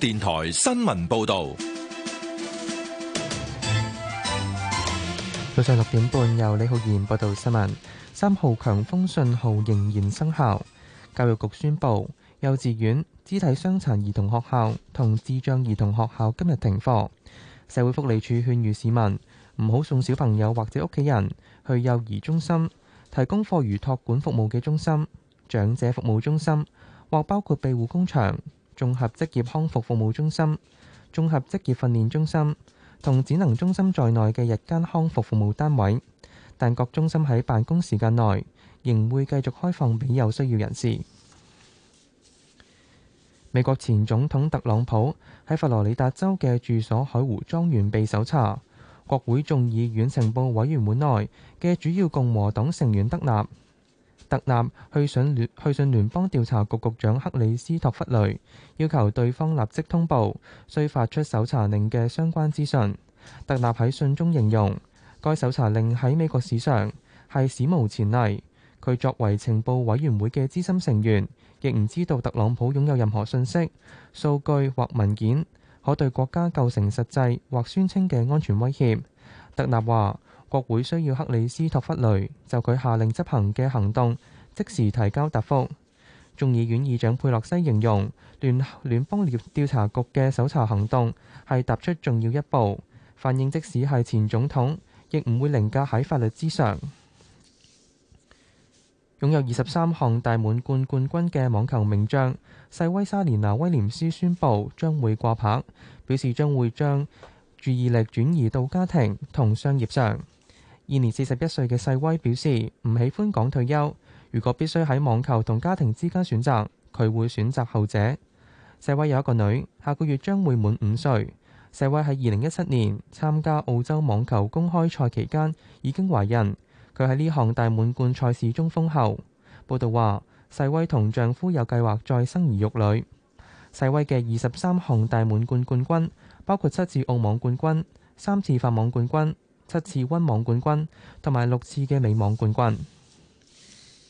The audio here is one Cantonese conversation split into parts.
電台新聞報道：早上六點半，由李浩然報道新聞。三號強風信號仍然生效。教育局宣佈，幼稚園、肢體傷殘兒童學校同智障兒童學校今日停課。社會福利署勸喻市民唔好送小朋友或者屋企人去幼兒中心、提供課餘托管服務嘅中心、長者服務中心或包括庇護工場、綜合職業康復服務中心、綜合職業訓練中心同展能中心在內嘅日間康復服務單位，但各中心喺辦公時間內仍會繼續開放俾有需要人士。美國前總統特朗普喺佛羅里達州嘅住所海湖莊園被搜查，國會眾議院情報委員會內嘅主要共和黨成員德納。特納去信聯去信聯邦調查局局長克里斯托弗雷，要求對方立即通報需發出搜查令嘅相關資訊。特納喺信中形容，該搜查令喺美國史上係史無前例。佢作為情報委員會嘅資深成員，亦唔知道特朗普擁有任何信息、數據或文件，可對國家構成實際或宣稱嘅安全威脅。特納話。國會需要克里斯托弗雷就佢下令執行嘅行動即時提交答覆眾議院議長佩洛西形容聯聯邦調查局嘅搜查行動係踏出重要一步，反映即使係前總統亦唔會凌駕喺法律之上。擁有二十三項大滿貫冠軍嘅網球名將，細威莎蓮娜威廉，威廉斯宣布將會掛牌，表示將會將注意力轉移到家庭同商業上。現年四十一歲嘅世威表示唔喜歡講退休。如果必須喺網球同家庭之間選擇，佢會選擇後者。世威有一個女，下個月將會滿五歲。世威喺二零一七年參加澳洲網球公開賽期間已經懷孕。佢喺呢項大滿貫賽事中封後。報道話，世威同丈夫有計劃再生兒育女。世威嘅二十三項大滿貫冠軍，包括七次澳網冠軍、三次法網冠軍。七次溫網冠軍同埋六次嘅美網冠軍。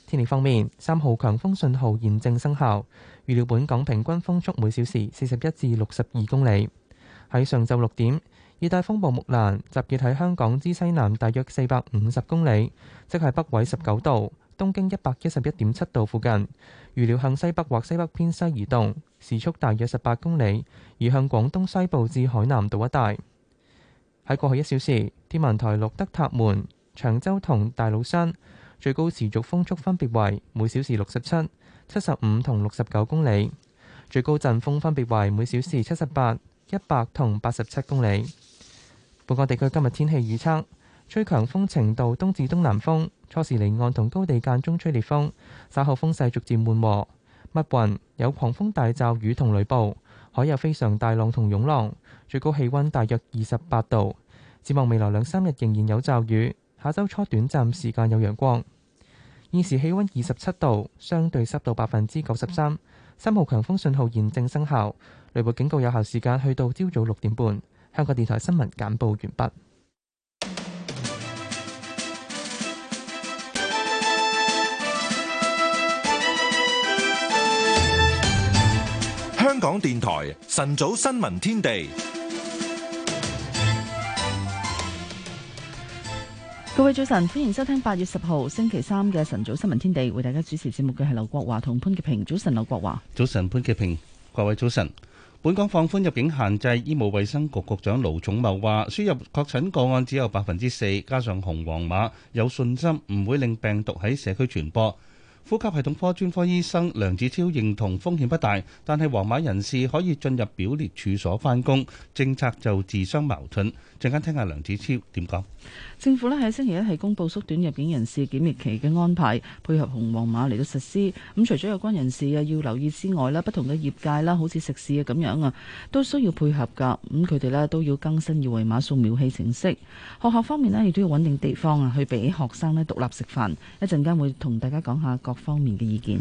天氣方面，三號強風信號現正生效，預料本港平均風速每小時四十一至六十二公里。喺上晝六點，熱帶風暴木蘭集結喺香港之西南大約四百五十公里，即係北緯十九度、東經一百一十一點七度附近。預料向西北或西北偏西移動，時速大約十八公里，移向廣東西部至海南島一帶。喺過去一小時，天文台錄得塔門、長洲同大老山最高持續風速分別為每小時六十七、七十五同六十九公里，最高陣風分別為每小時七十八、一百同八十七公里。本港地區今日天氣預測：吹強風程度東至東南風，初時離岸同高地間中吹烈風，稍後風勢逐漸緩和。密雲，有狂風大驟雨同雷暴，海有非常大浪同湧浪。最高氣温大約二十八度，展望未來兩三日仍然有驟雨，下周初短暫時間有陽光。現時氣温二十七度，相對濕度百分之九十三，三號強風信號現正生效，雷暴警告有效時間去到朝早六點半。香港電台新聞簡報完畢。香港電台晨早新聞天地，各位早晨，歡迎收聽八月十號星期三嘅晨早新聞天地，為大家主持節目嘅係劉國華同潘潔平。早晨，劉國華，早晨，潘潔平，各位早晨。本港放寬入境限制，醫務衛生局局長盧寵茂話，輸入確診個案只有百分之四，加上紅黃碼，有信心唔會令病毒喺社區傳播。呼吸系統科專科醫生梁子超認同風險不大，但係黃碼人士可以進入表列處所返工，政策就自相矛盾。陣間聽下梁子超點講。政府咧喺星期一係公布縮短入境人士檢疫期嘅安排，配合紅黃碼嚟到實施。咁除咗有關人士啊要留意之外啦，不同嘅業界啦，好似食肆啊咁樣啊，都需要配合噶。咁佢哋咧都要更新二維碼掃描器程式。學校方面咧，亦都要穩定地方啊，去俾學生咧獨立食飯。一陣間會同大家講下各方面嘅意見。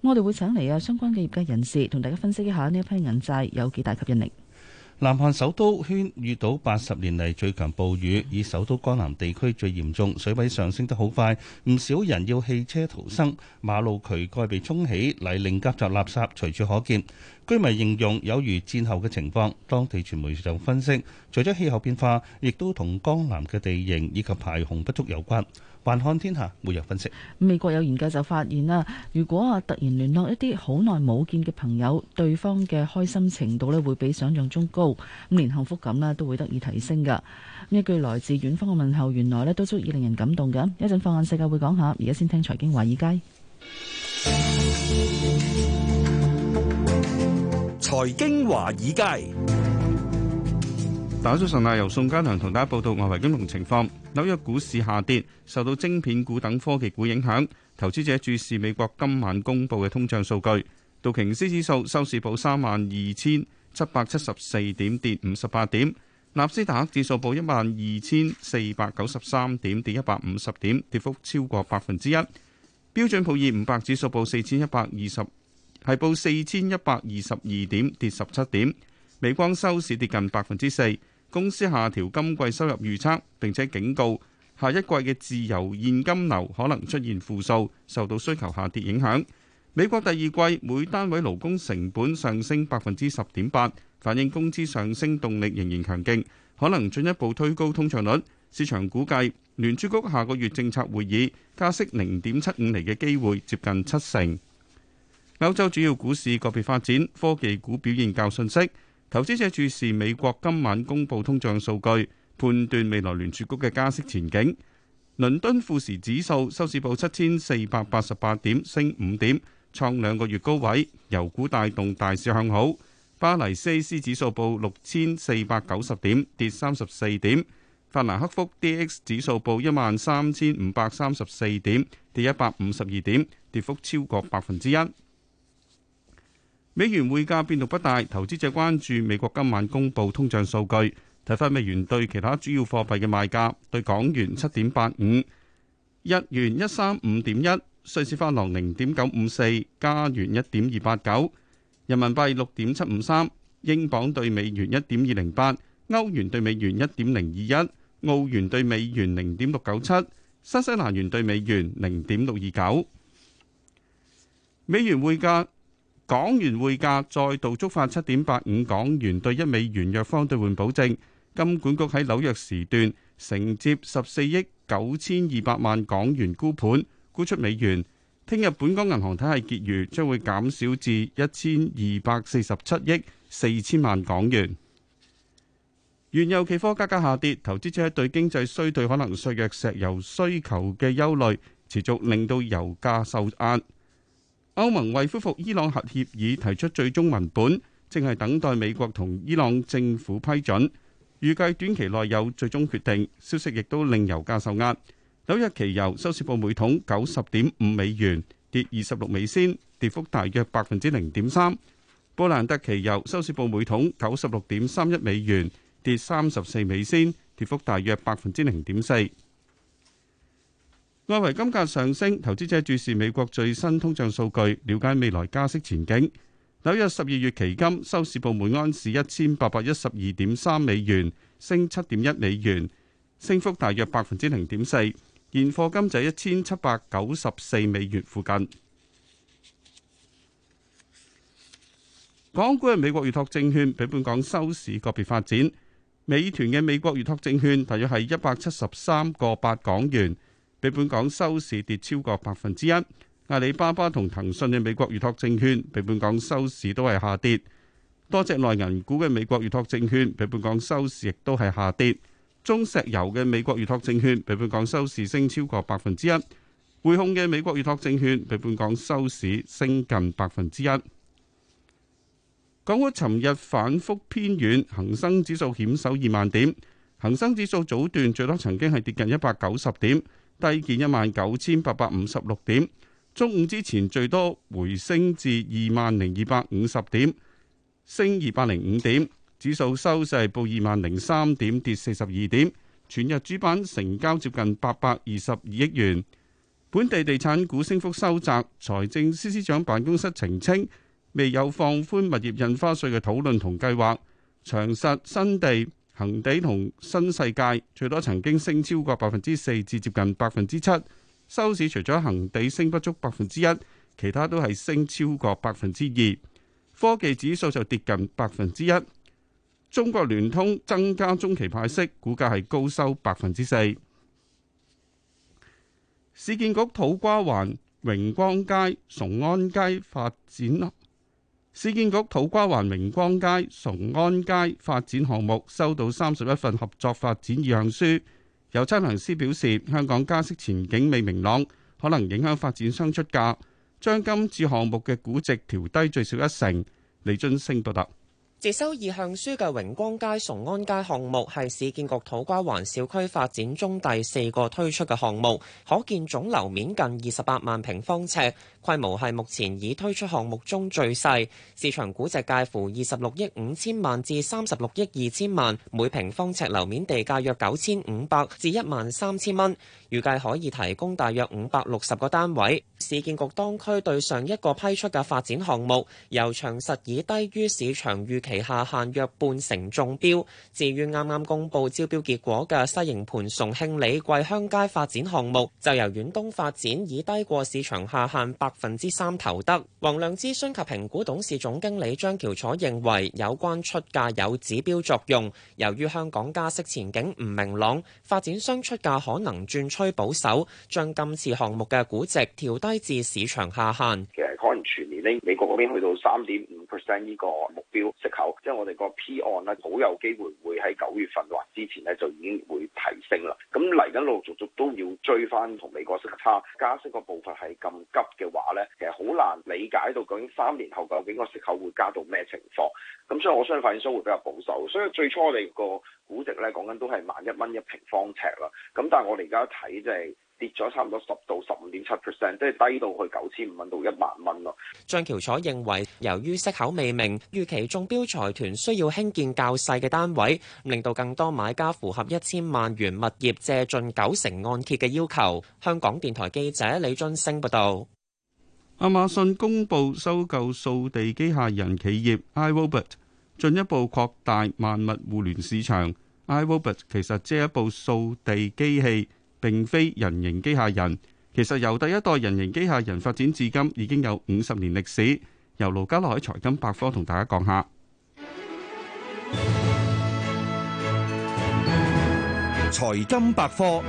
我哋會請嚟啊，相關嘅業界人士同大家分析一下呢一批銀債有幾大吸引力。南韓首都圈遇到八十年嚟最強暴雨，以首都江南地區最嚴重，水位上升得好快，唔少人要棄車逃生，馬路渠蓋被衝起，泥濘夾雜垃圾隨處可見，居民形容有如戰後嘅情況。當地傳媒就分析，除咗氣候變化，亦都同江南嘅地形以及排洪不足有關。還看天下每日分析，美國有研究就發現啦，如果啊突然聯絡一啲好耐冇見嘅朋友，對方嘅開心程度咧會比想像中高，咁連幸福感咧都會得以提升嘅。一句來自遠方嘅問候，原來咧都足以令人感動嘅。一陣放眼世界會講下，而家先聽財經華爾街。財經華爾街。打咗晨啊，由宋嘉良同大家報道外圍金融情況。紐約股市下跌，受到晶片股等科技股影響，投資者注視美國今晚公布嘅通脹數據。道瓊斯指數收市報三萬二千七百七十四點，跌五十八點。納斯達克指數報一萬二千四百九十三點，跌一百五十點，跌幅超過百分之一。標準普爾五百指數報四千一百二十，係報四千一百二十二點，跌十七點。美光收市跌近百分之四，公司下調今季收入預測，並且警告下一季嘅自由現金流可能出現負數，受到需求下跌影響。美國第二季每單位勞工成本上升百分之十點八，反映工資上升動力仍然強勁，可能進一步推高通脹率。市場估計聯儲局下個月政策會議加息零點七五厘嘅機會接近七成。歐洲主要股市個別發展，科技股表現較遜色。投資者注視美國今晚公布通脹數據，判斷未來聯儲局嘅加息前景。倫敦富時指數收市報七千四百八十八點，升五點，創兩個月高位。油股帶動大市向好。巴黎 CAC 指數報六千四百九十點，跌三十四點。法蘭克福 DAX 指數報一萬三千五百三十四點，跌一百五十二點，跌幅超過百分之一。美元匯價變動不大，投資者關注美國今晚公布通脹數據。睇翻美元對其他主要貨幣嘅賣價：對港元七點八五，日元一三五點一，瑞士法郎零點九五四，加元一點二八九，人民幣六點七五三，英鎊對美元一點二零八，歐元對美元一點零二一，澳元對美元零點六九七，新西蘭元對美元零點六二九。美元匯價。港元匯價再度觸發七點八五港元對一美元弱方兌換保證，金管局喺紐約時段承接十四億九千二百萬港元沽盤，沽出美元。聽日本港銀行體系結餘將會減少至一千二百四十七億四千萬港元。原油期貨價格下跌，投資者對經濟衰退可能削弱石油需求嘅憂慮持續令到油價受壓。歐盟為恢復伊朗核協議提出最終文本，正係等待美國同伊朗政府批准，預計短期內有最終決定。消息亦都令油價受壓。紐約期油收市報每桶九十點五美元，跌二十六美仙，跌幅大約百分之零點三。布蘭特期油收市報每桶九十六點三一美元，跌三十四美仙，跌幅大約百分之零點四。外圍金價上升，投資者注視美國最新通脹數據，了解未來加息前景。紐約十二月期金收市報每安士一千八百一十二點三美元，升七點一美元，升幅大約百分之零點四。現貨金就喺一千七百九十四美元附近。港股嘅美國預託證券比本港收市個別發展，美團嘅美國預託證券大約係一百七十三個八港元。俾本港收市跌超過百分之一。阿里巴巴同騰訊嘅美國預託證券，俾本港收市都係下跌。多隻內銀股嘅美國預託證券，俾本港收市亦都係下跌。中石油嘅美國預託證券，俾本港收市升超過百分之一。匯控嘅美國預託證券，俾本港收市升近百分之一。港股尋日反覆偏軟，恒生指數險守二萬點。恒生指數早段最多曾經係跌近一百九十點。低見一萬九千八百五十六點，中午之前最多回升至二萬零二百五十點，升二百零五點，指數收市報二萬零三點，跌四十二點，全日主板成交接近八百二十二億元。本地地產股升幅收窄，財政司司長辦公室澄清，未有放寬物業印花稅嘅討論同計劃。長實、新地，恒地同新世界最多曾經升超過百分之四至接近百分之七，收市除咗恒地升不足百分之一，其他都係升超過百分之二。科技指數就跌近百分之一。中國聯通增加中期派息，股價係高收百分之四。市建局土瓜灣、榮光街、崇安街發展市建局土瓜灣榮光街崇安街發展項目收到三十一份合作發展意向書，有測量師表示，香港加息前景未明朗，可能影響發展商出價，將今次項目嘅估值調低最少一成。李津升報道，接收意向書嘅榮光街崇安街項目係市建局土瓜灣小區發展中第四個推出嘅項目，可見總樓面近二十八萬平方尺。規模係目前已推出項目中最細，市場估值介乎二十六億五千萬至三十六億二千萬，每平方尺樓面地價約九千五百至一萬三千蚊，預計可以提供大約五百六十個單位。市建局當區對上一個批出嘅發展項目，由長實以低於市場預期下限約半成中標。至於啱啱公布招標結果嘅西營盤崇慶里桂香街發展項目，就由遠東發展以低過市場下限百。分之三投得。王亮諮詢及評估董事總經理張喬楚認為，有關出價有指標作用。由於香港加息前景唔明朗，發展商出價可能轉趨保守，將今次項目嘅估值調低至市場下限。全年呢，美國嗰邊去到三點五 percent 呢個目標息口，即係我哋個 P 案咧，好有機會會喺九月份或之前咧，就已經會提升啦。咁嚟緊陸陸續續都要追翻同美國息差加息個步伐係咁急嘅話咧，其實好難理解到究竟三年後究竟個息口會加到咩情況。咁所以我相信發展商會比較保守，所以最初我哋個估值咧講緊都係萬一蚊一平方尺啦。咁但係我哋而家睇即係。跌咗差唔多十到十五點七 percent，即係低到去九千五蚊到一萬蚊咯。張橋楚認為，由於息口未明，預期中標財團需要興建較細嘅單位，令到更多買家符合一千萬元物業借進九成按揭嘅要求。香港電台記者李津升報導。亞馬遜公布收購掃地機械人企業 iRobot，進一步擴大萬物互聯市場。iRobot，其實即係一部掃地機器。並非人形機械人。其實由第一代人形機械人發展至今，已經有五十年歷史。由盧家樂喺財金百科同大家講下。財金百科：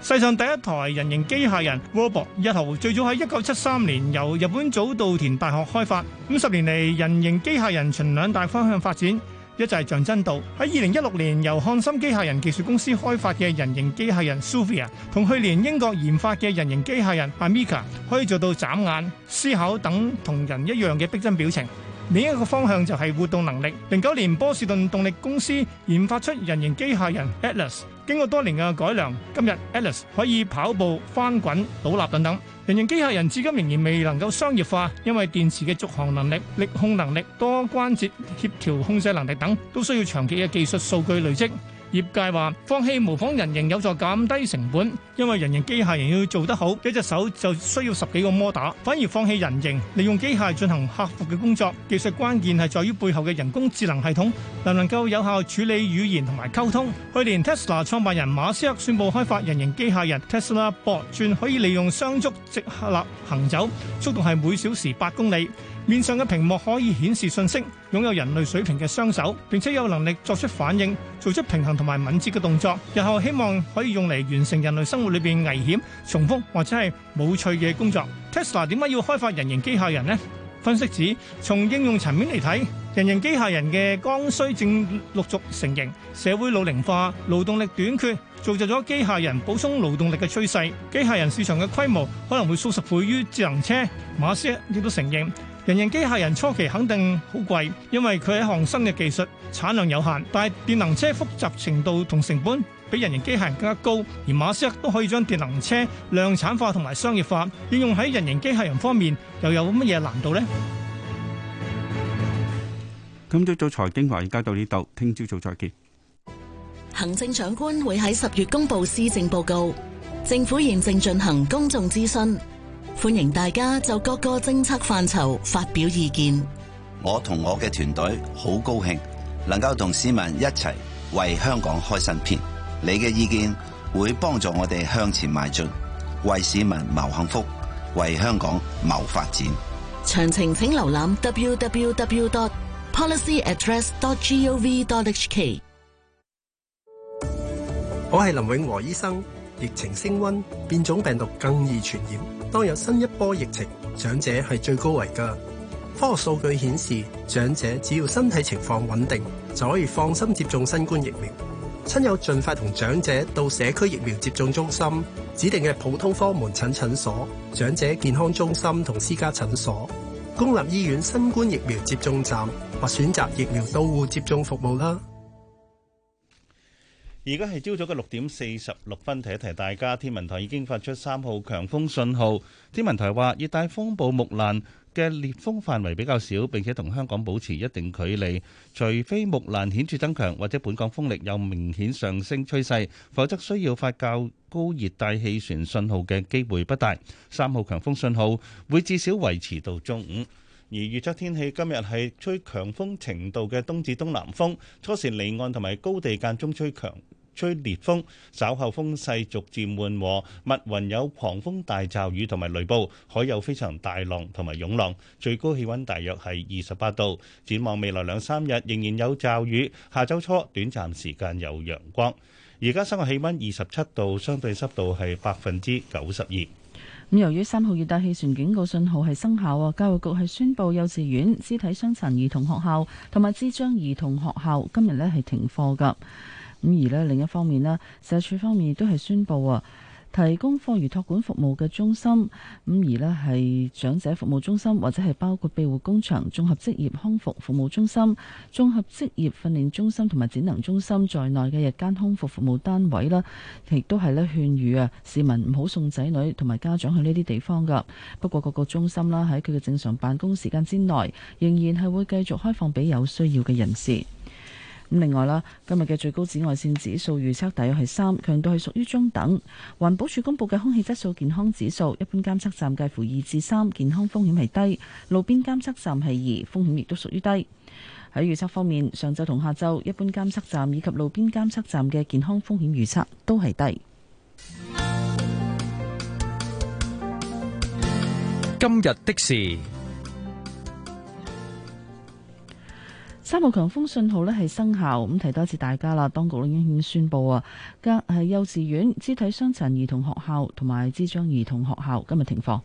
世上第一台人形機械人 Robo 一號，最早喺一九七三年由日本早稻田大學開發。五十年嚟，人形機械人循兩大方向發展。一就係像真度，喺二零一六年由漢森機械人技術公司開發嘅人形機械人 Sophia，同去年英國研發嘅人形機械人 Amica，可以做到眨眼、思考等同人一樣嘅逼真表情。另一個方向就係活動能力。零九年波士頓動力公司研發出人形機械人 Atlas 經過多年嘅改良，今日 Atlas 可以跑步、翻滾、倒立等等。人形機械人至今仍然未能夠商業化，因為電池嘅續航能力、力控能力、多關節協調控制能力等，都需要長期嘅技術數據累積。業界話放棄模仿人形有助減低成本，因為人形機械人要做得好一隻手就需要十幾個摩打，反而放棄人形，利用機械進行客服嘅工作。技術關鍵係在於背後嘅人工智能系統能能夠有效處理語言同埋溝通。去年 Tesla 創辦人馬斯克宣布開發人形機械人 Tesla Bot 可以利用雙足直立行走，速度係每小時八公里。面上嘅屏幕可以顯示信息，擁有人類水平嘅雙手，並且有能力作出反應，做出平衡同埋敏捷嘅動作。日後希望可以用嚟完成人類生活裏邊危險、重複或者係冇趣嘅工作。Tesla 點解要開發人形機械人呢？分析指從應用層面嚟睇，人形機械人嘅剛需正陸續成型，社會老齡化、勞動力短缺造就咗機械人補充勞動力嘅趨勢。機械人市場嘅規模可能會數十倍於智能車。馬斯克亦都承認。人形機械人初期肯定好貴，因為佢係一項新嘅技術，產量有限。但係電能車複雜程度同成本比人形機械人更加高，而馬斯克都可以將電能車量產化同埋商業化，應用喺人形機械人方面又有乜嘢難度呢？今朝早財經話，而家到呢度，聽朝早再見。行政長官會喺十月公布施政報告，政府現正進行公眾諮詢。歡迎大家就各個政策範疇發表意見。我同我嘅團隊好高興，能夠同市民一齊為香港開新篇。你嘅意見會幫助我哋向前邁進，為市民謀幸福，為香港謀發展。詳情請瀏覽 www.policyaddress.gov.hk。我係林永和醫生。疫情升溫，變種病毒更易傳染。當有新一波疫情，長者係最高危噶。科學數據顯示，長者只要身體情況穩定，就可以放心接種新冠疫苗。親友盡快同長者到社區疫苗接種中心、指定嘅普通科門診診所、長者健康中心同私家診所、公立醫院新冠疫苗接種站或選擇疫苗到戶接種服務啦。而家係朝早嘅六點四十六分，提一提大家，天文台已經發出三號強風信號。天文台話熱帶風暴木蘭嘅烈風範圍比較少，並且同香港保持一定距離。除非木蘭顯著增強或者本港風力有明顯上升趨勢，否則需要發較高熱帶氣旋信號嘅機會不大。三號強風信號會至少維持到中午。而預測天氣今日係吹強風程度嘅東至東南風，初時離岸同埋高地間中吹強。吹烈風，稍後風勢逐漸緩和，密雲有狂風大驟雨同埋雷暴，海有非常大浪同埋湧浪，最高氣溫大約係二十八度。展望未來兩三日仍然有驟雨，下周初短暫時間有陽光。而家室外氣溫二十七度，相對濕度係百分之九十二。咁由於三號熱帶氣旋警告信號係生效，教育局係宣布，幼稚園、肢體傷殘兒童學校同埋智障兒童學校今日呢係停課噶。咁而呢，另一方面咧，社署方面亦都係宣布啊，提供課餘託管服務嘅中心，咁而呢，係長者服務中心或者係包括庇護工場、綜合職業康復服務中心、綜合職業訓練中心同埋展能中心在內嘅日間康復服務單位啦，亦都係咧勸喻啊市民唔好送仔女同埋家長去呢啲地方噶。不過個個中心啦喺佢嘅正常辦公時間之內，仍然係會繼續開放俾有需要嘅人士。咁另外啦，今日嘅最高紫外線指數預測大約係三，強度係屬於中等。環保署公布嘅空氣質素健康指數，一般監測站介乎二至三，健康風險係低；路邊監測站係二，風險亦都屬於低。喺預測方面，上晝同下晝，一般監測站以及路邊監測站嘅健康風險預測都係低。今日的事。三號強風信號咧係生效，咁提多一次大家啦。當局已經宣布啊，隔係幼稚園、肢體傷殘兒童學校同埋智障兒童學校今日停課。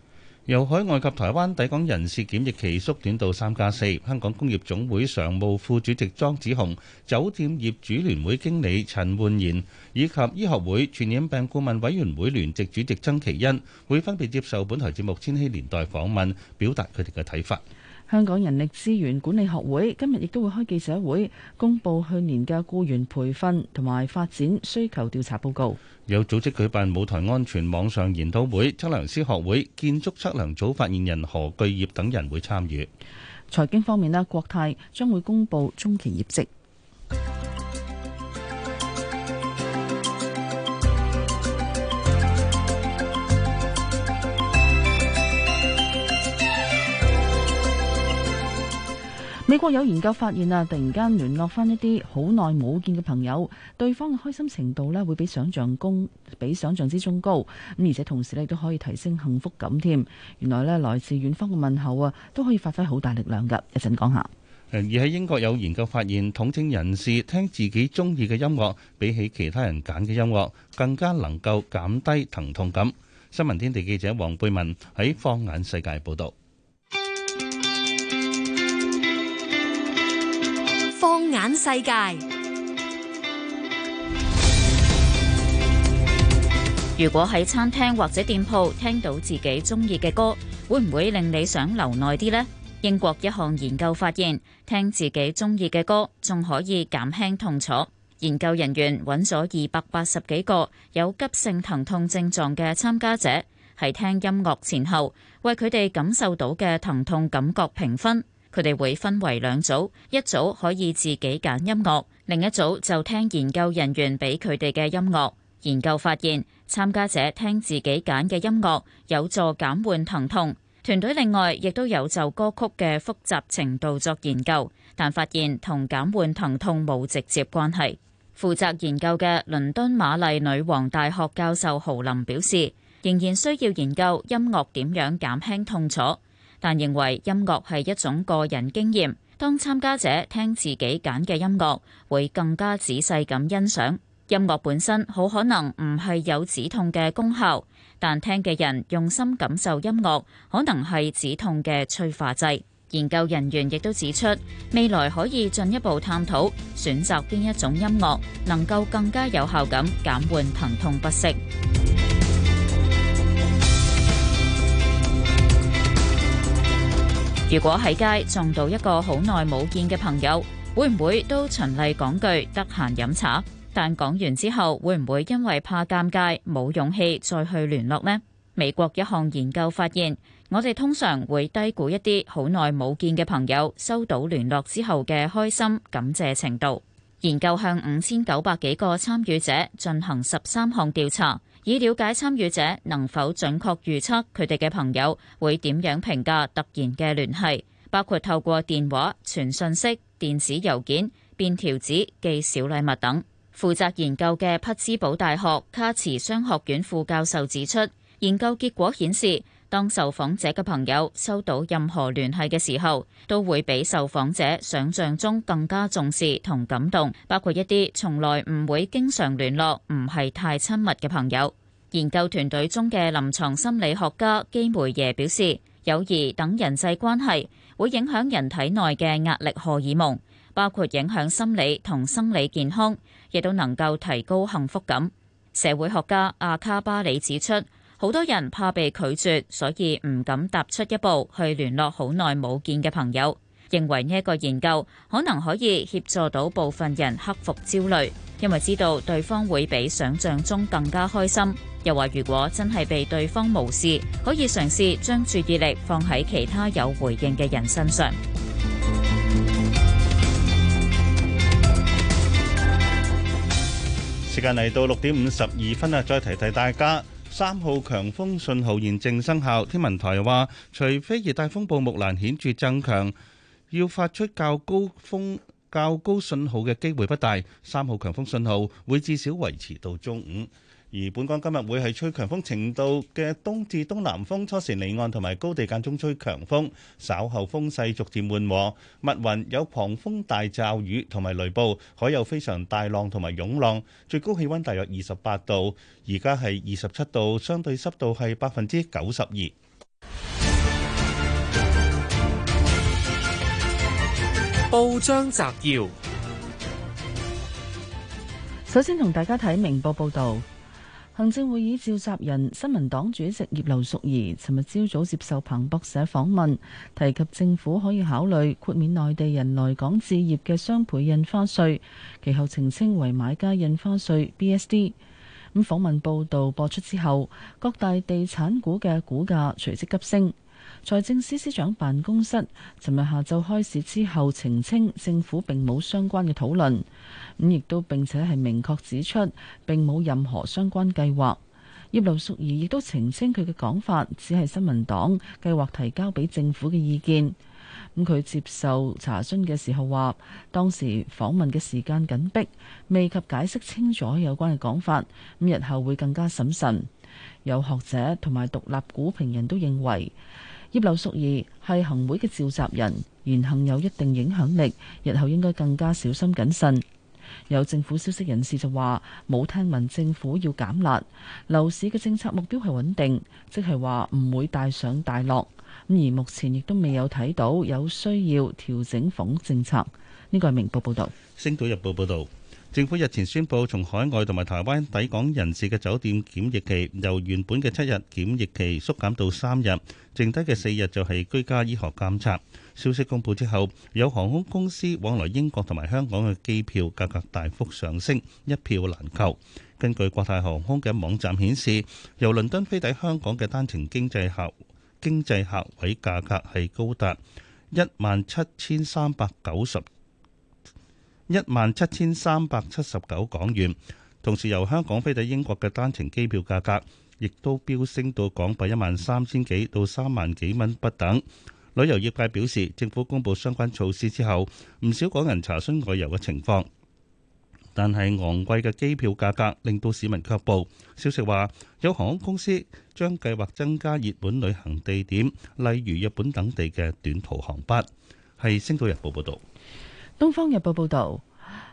由海外及台灣抵港人士檢疫期縮短到三加四。4，香港工業總會常務副主席莊子雄、酒店業主聯會經理陳煥然以及醫學會傳染病顧問委員會聯席主席曾其恩，會分別接受本台節目《千禧年代》訪問，表達佢哋嘅睇法。香港人力資源管理學會今日亦都會開記者會，公布去年嘅僱員培訓同埋發展需求調查報告。有組織舉辦舞台安全網上研討會，測量師學會建築測量組發言人何巨業等人會參與。財經方面呢，國泰將會公布中期業績。美國有研究發現啊，突然間聯絡翻一啲好耐冇見嘅朋友，對方嘅開心程度咧會比想象中，比想象之中高。咁而且同時咧都可以提升幸福感添。原來咧來自遠方嘅問候啊，都可以發揮好大力量噶。一陣講下。而喺英國有研究發現，統症人士聽自己中意嘅音樂，比起其他人揀嘅音樂，更加能夠減低疼痛感。新聞天地記者黃貝文喺放眼世界報道。放眼世界，如果喺餐廳或者店鋪聽到自己中意嘅歌，會唔會令你想留耐啲呢？英國一項研究發現，聽自己中意嘅歌，仲可以減輕痛楚。研究人員揾咗二百八十幾個有急性疼痛症狀嘅參加者，喺聽音樂前後為佢哋感受到嘅疼痛感覺評分。佢哋會分為兩組，一組可以自己揀音樂，另一組就聽研究人員俾佢哋嘅音樂。研究發現，參加者聽自己揀嘅音樂有助減緩疼痛。團隊另外亦都有就歌曲嘅複雜程度作研究，但發現同減緩疼痛冇直接關係。負責研究嘅倫敦瑪麗女王大學教授豪林表示，仍然需要研究音樂點樣減輕痛楚。但認為音樂係一種個人經驗，當參加者聽自己揀嘅音樂，會更加仔細咁欣賞。音樂本身好可能唔係有止痛嘅功效，但聽嘅人用心感受音樂，可能係止痛嘅催化劑。研究人員亦都指出，未來可以進一步探討，選擇邊一種音樂，能夠更加有效咁減緩疼痛不適。如果喺街撞到一個好耐冇見嘅朋友，會唔會都循例講句得閒飲茶？但講完之後，會唔會因為怕尷尬冇勇氣再去聯絡呢？美國一項研究發現，我哋通常會低估一啲好耐冇見嘅朋友收到聯絡之後嘅開心、感謝程度。研究向五千九百幾個參與者進行十三項調查。以了解參與者能否準確預測佢哋嘅朋友會點樣評價突然嘅聯繫，包括透過電話、傳訊息、電子郵件、便條紙寄小禮物等。負責研究嘅匹茲堡大學卡茨商學院副教授指出，研究結果顯示，當受訪者嘅朋友收到任何聯繫嘅時候，都會比受訪者想象中更加重視同感動，包括一啲從來唔會經常聯絡、唔係太親密嘅朋友。研究團隊中嘅臨床心理學家基梅耶表示，友誼等人際關係會影響人體內嘅壓力荷爾蒙，包括影響心理同生理健康，亦都能夠提高幸福感。社會學家阿卡巴里指出，好多人怕被拒絕，所以唔敢踏出一步去聯絡好耐冇見嘅朋友，認為呢一個研究可能可以協助到部分人克服焦慮，因為知道對方會比想像中更加開心。又話如果真係被對方無視，可以嘗試將注意力放喺其他有回應嘅人身上。時間嚟到六點五十二分啦，再提提大家。三號強風信號現正生效，天文台話除非熱帶風暴木蘭顯著增強，要發出較高風較高信號嘅機會不大，三號強風信號會至少維持到中午。而本港今日會係吹強風程度嘅東至東南風，初時離岸同埋高地間中吹強風，稍後風勢逐漸緩和。密雲有狂風大驟雨同埋雷暴，海有非常大浪同埋湧浪，最高氣溫大約二十八度，而家係二十七度，相對濕度係百分之九十二。報章摘要，首先同大家睇明報報導。行政會議召集人、新民黨主席葉劉淑儀，尋日朝早接受彭博社訪問，提及政府可以考慮豁免內地人來港置業嘅雙倍印花稅，其後澄清為買家印花稅 （BSD）。咁訪問報導播出之後，各大地產股嘅股價隨即急升。財政司司長辦公室尋日下晝開始之後，澄清政府並冇相關嘅討論，咁亦都並且係明確指出並冇任何相關計劃。葉劉淑儀亦都澄清佢嘅講法只係新民黨計劃提交俾政府嘅意見。咁佢接受查詢嘅時候話，當時訪問嘅時間緊迫，未及解釋清楚有關嘅講法。咁日後會更加審慎。有學者同埋獨立股評人都認為，葉劉淑儀係行會嘅召集人，言行有一定影響力，日後應該更加小心謹慎。有政府消息人士就話，冇聽聞政府要減辣，樓市嘅政策目標係穩定，即係話唔會大上大落。而目前亦都未有睇到有需要調整房屋政策。呢個係明報報道，《星島日報》報道。政府日前宣布，從海外同埋台灣抵港人士嘅酒店檢疫期，由原本嘅七日檢疫期縮減到三日，剩低嘅四日就係居家醫學監察。消息公佈之後，有航空公司往來英國同埋香港嘅機票價格大幅上升，一票難求。根據國泰航空嘅網站顯示，由倫敦飛抵香港嘅單程經濟客經濟客位價格係高達一萬七千三百九十。一萬七千三百七十九港元，同時由香港飛抵英國嘅單程機票價格亦都飆升到港幣一萬三千幾到三萬幾蚊不等。旅遊業界表示，政府公布相關措施之後，唔少港人查詢外遊嘅情況，但係昂貴嘅機票價格令到市民卻步。消息話，有航空公司將計劃增加熱門旅行地點，例如日本等地嘅短途航班。係《星島日報》報道。《東方日報》報道，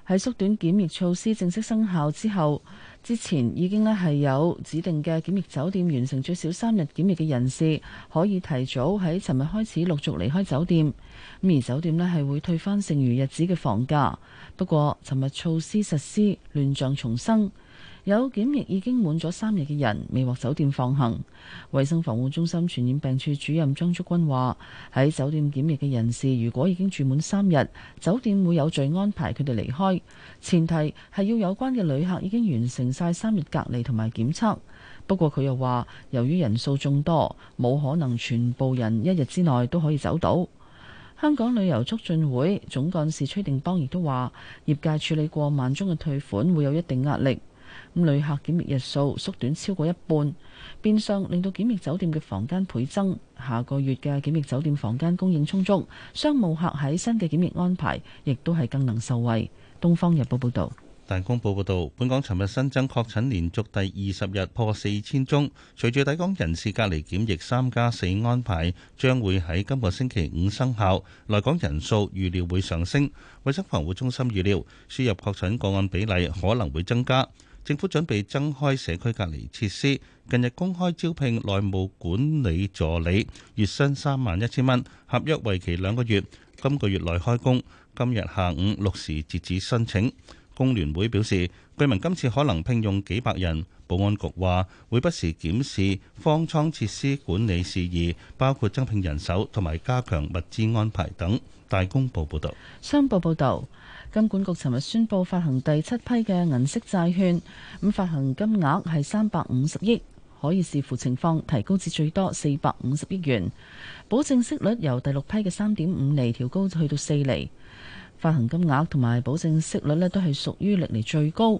喺縮短檢疫措施正式生效之後，之前已經咧係有指定嘅檢疫酒店完成最少三日檢疫嘅人士，可以提早喺尋日開始陸續離開酒店。咁而酒店咧係會退返剩餘日子嘅房價。不過尋日措施實施亂象叢生。有檢疫已經滿咗三日嘅人未獲酒店放行。衛生防護中心傳染病處主任張竹君話：喺酒店檢疫嘅人士如果已經住滿三日，酒店會有序安排佢哋離開，前提係要有關嘅旅客已經完成晒三日隔離同埋檢測。不過佢又話，由於人數眾多，冇可能全部人一日之內都可以走到。香港旅遊促進會總幹事崔定邦亦都話，業界處理過萬宗嘅退款會有一定壓力。旅客檢疫日數縮短超過一半，變相令到檢疫酒店嘅房間倍增。下個月嘅檢疫酒店房間供應充足，商務客喺新嘅檢疫安排亦都係更能受惠。東方日報報道，大公報報道，本港尋日新增確診連續第二十日破四千宗，隨住抵港人士隔離檢疫三加四安排將會喺今個星期五生效，來港人數預料會上升。衛生防護中心預料輸入確診個案比例可能會增加。政府準備增開社區隔離設施，近日公開招聘內務管理助理，月薪三萬一千蚊，合約為期兩個月，今個月內開工。今日下午六時截止申請。工聯會表示，據聞今次可能聘用幾百人。保安局話會不時檢視方艙設施管理事宜，包括增聘人手同埋加強物資安排等。大公報報道。商報報導。金管局尋日宣布發行第七批嘅銀色債券，咁發行金額係三百五十億，可以視乎情況提高至最多四百五十億元，保證息率由第六批嘅三點五厘調高去到四厘。發行金額同埋保證息率呢都係屬於歷嚟最高。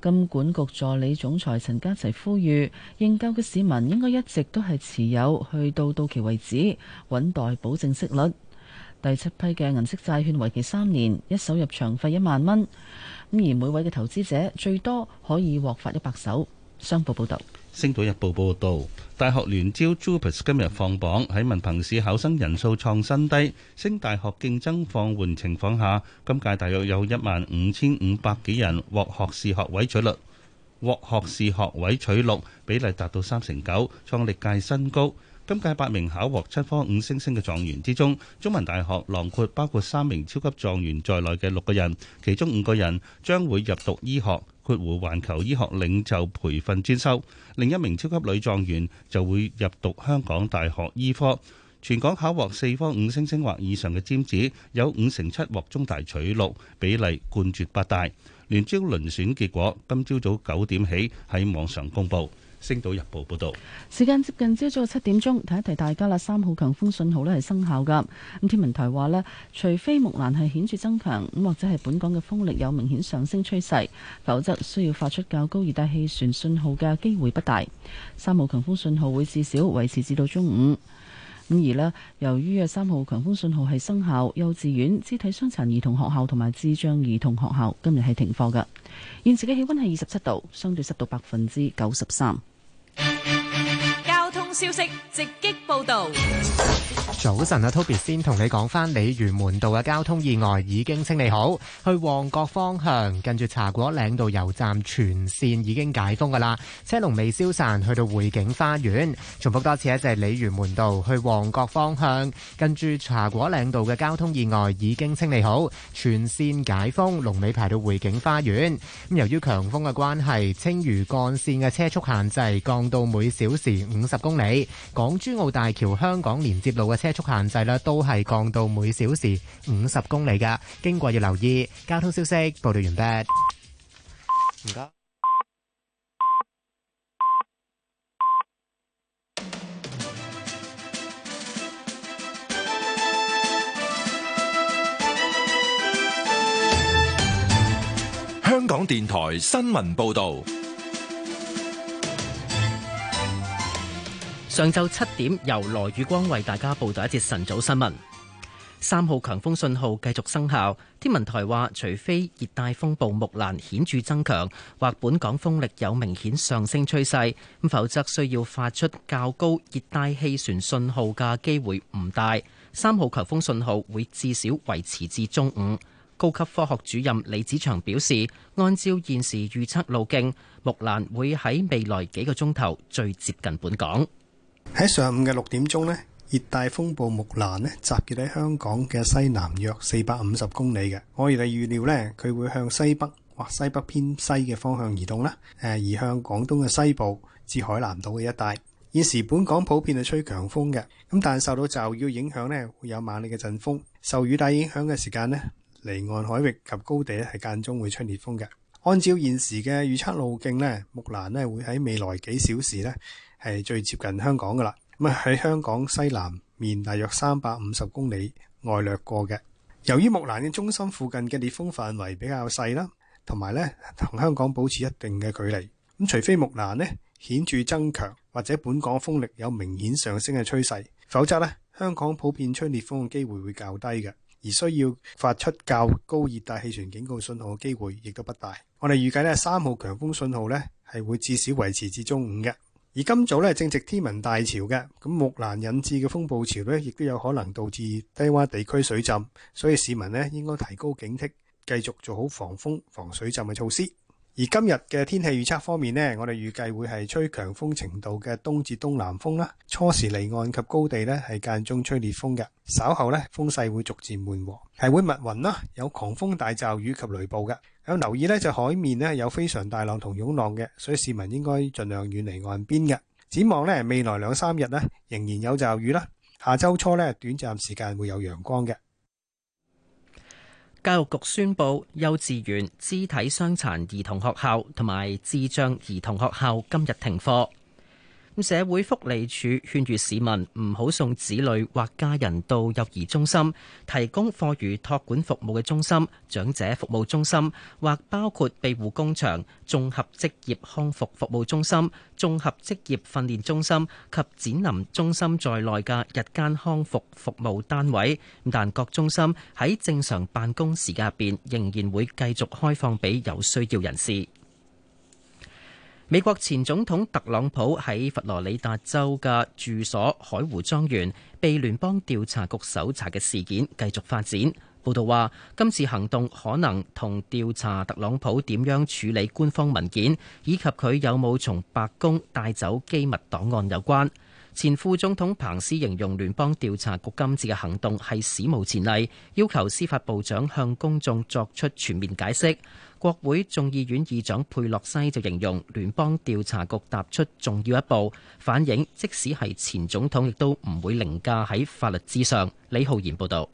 金管局助理總裁陳家齊呼籲認購嘅市民應該一直都係持有去到到期為止，穩待保證息率。第七批嘅銀色債券，為期三年，一手入場費一萬蚊。咁而每位嘅投資者最多可以獲發一百手。商報報道，星島日報報道，大學聯招 JUPAS 今日放榜，喺文憑試考生人數創新低，升大學競爭放緩情況下，今屆大約有一萬五千五百幾人獲學士學位取錄，獲學士學位取錄比例達到三成九，創歷屆新高。今屆八名考獲七科五星星嘅狀元之中，中文大學囊括包括三名超級狀元在內嘅六個人，其中五個人將會入讀醫學，括弧環球醫學領袖培訓專修；另一名超級女狀元就會入讀香港大學醫科。全港考獲四科五星星或以上嘅尖子，有五成七獲中大取錄，比例冠絕八大。聯招遴選結果今朝早九點起喺網上公布。星島日報報導，步步道時間接近朝早七點鐘，提一提大家啦。三號強風信號咧係生效噶。咁天文台話咧，除非木蘭係顯著增強，咁或者係本港嘅風力有明顯上升趨勢，否則需要發出較高熱帶氣旋信號嘅機會不大。三號強風信號會至少維持至到中午。咁而咧，由於三號強風信號係生效，幼稚園、肢體傷殘兒童學校同埋智障兒童學校今日係停課㗎。現時嘅氣温係二十七度，相對濕度百分之九十三。消息直擊報道。早晨啊，Toby 先同你講翻鯉魚門道嘅交通意外已經清理好，去旺角方向，近住茶果嶺道油站全線已經解封噶啦，車龍未消散，去到匯景花園。重複多次一，啊、就係鯉魚門道去旺角方向，近住茶果嶺道嘅交通意外已經清理好，全線解封，龍尾排到匯景花園。咁由於強風嘅關係，青嶼幹線嘅車速限制降到每小時五十公里。港珠澳大橋、香港連接路嘅車速限制咧，都係降到每小時五十公里噶。經過要留意交通消息，報道完畢。唔該。香港電台新聞報道。上晝七點，由羅宇光為大家報道一節晨早新聞。三號強風信號繼續生效，天文台話，除非熱帶風暴木蘭顯著增強，或本港風力有明顯上升趨勢，咁否則需要發出較高熱帶氣旋信號嘅機會唔大。三號強風信號會至少維持至中午。高級科學主任李子祥表示，按照現時預測路徑，木蘭會喺未來幾個鐘頭最接近本港。喺上午嘅六點鐘呢，熱帶風暴木蘭呢集結喺香港嘅西南約四百五十公里嘅，我哋預預料呢，佢會向西北或西北偏西嘅方向移動啦，誒移向廣東嘅西部至海南島嘅一帶。現時本港普遍係吹強風嘅，咁但受到驟雨影響呢，會有猛烈嘅陣風。受雨帶影響嘅時間呢，離岸海域及高地咧係間中會吹烈風嘅。按照現時嘅預測路徑呢，木蘭呢會喺未來幾小時呢。係最接近香港噶啦，咁啊喺香港西南面大約三百五十公里外掠過嘅。由於木蘭嘅中心附近嘅烈風範圍比較細啦，同埋呢同香港保持一定嘅距離。咁除非木蘭呢顯著增強或者本港風力有明顯上升嘅趨勢，否則呢香港普遍吹烈風嘅機會會較低嘅，而需要發出較高熱帶氣旋警告信號嘅機會亦都不大。我哋預計呢三號強風信號呢係會至少維持至中午嘅。而今早咧正值天文大潮嘅，咁木蘭引致嘅風暴潮咧，亦都有可能導致低窪地區水浸，所以市民咧應該提高警惕，繼續做好防風、防水浸嘅措施。而今日嘅天氣預測方面呢，我哋預計會係吹強風程度嘅東至東南風啦。初時離岸及高地呢係間中吹烈風嘅，稍後呢風勢會逐漸緩和，係會密雲啦，有狂風大驟雨及雷暴嘅。有留意呢，就海面呢有非常大浪同湧浪嘅，所以市民應該盡量遠離岸邊嘅。展望呢，未來兩三日呢仍然有驟雨啦，下周初呢短暫時間會有陽光嘅。教育局宣布，幼稚園、肢體傷殘兒童學校同埋智障兒童學校今日停課。社會福利署勸喻市民唔好送子女或家人到幼兒中心、提供課餘托管服務嘅中心、長者服務中心或包括庇護工場、綜合職業康復服務中心、綜合職業訓練中心及展能中心在內嘅日間康復服務單位。但各中心喺正常辦公時間入邊，仍然會繼續開放俾有需要人士。美國前總統特朗普喺佛羅里達州嘅住所海湖莊園被聯邦調查局搜查嘅事件繼續發展。報導話，今次行動可能同調查特朗普點樣處理官方文件，以及佢有冇從白宮帶走機密檔案有關。前副總統彭斯形容聯邦調查局今次嘅行動係史無前例，要求司法部長向公眾作出全面解釋。國會眾議院議長佩洛西就形容聯邦調查局踏出重要一步，反映即使係前總統亦都唔會凌駕喺法律之上。李浩然報道。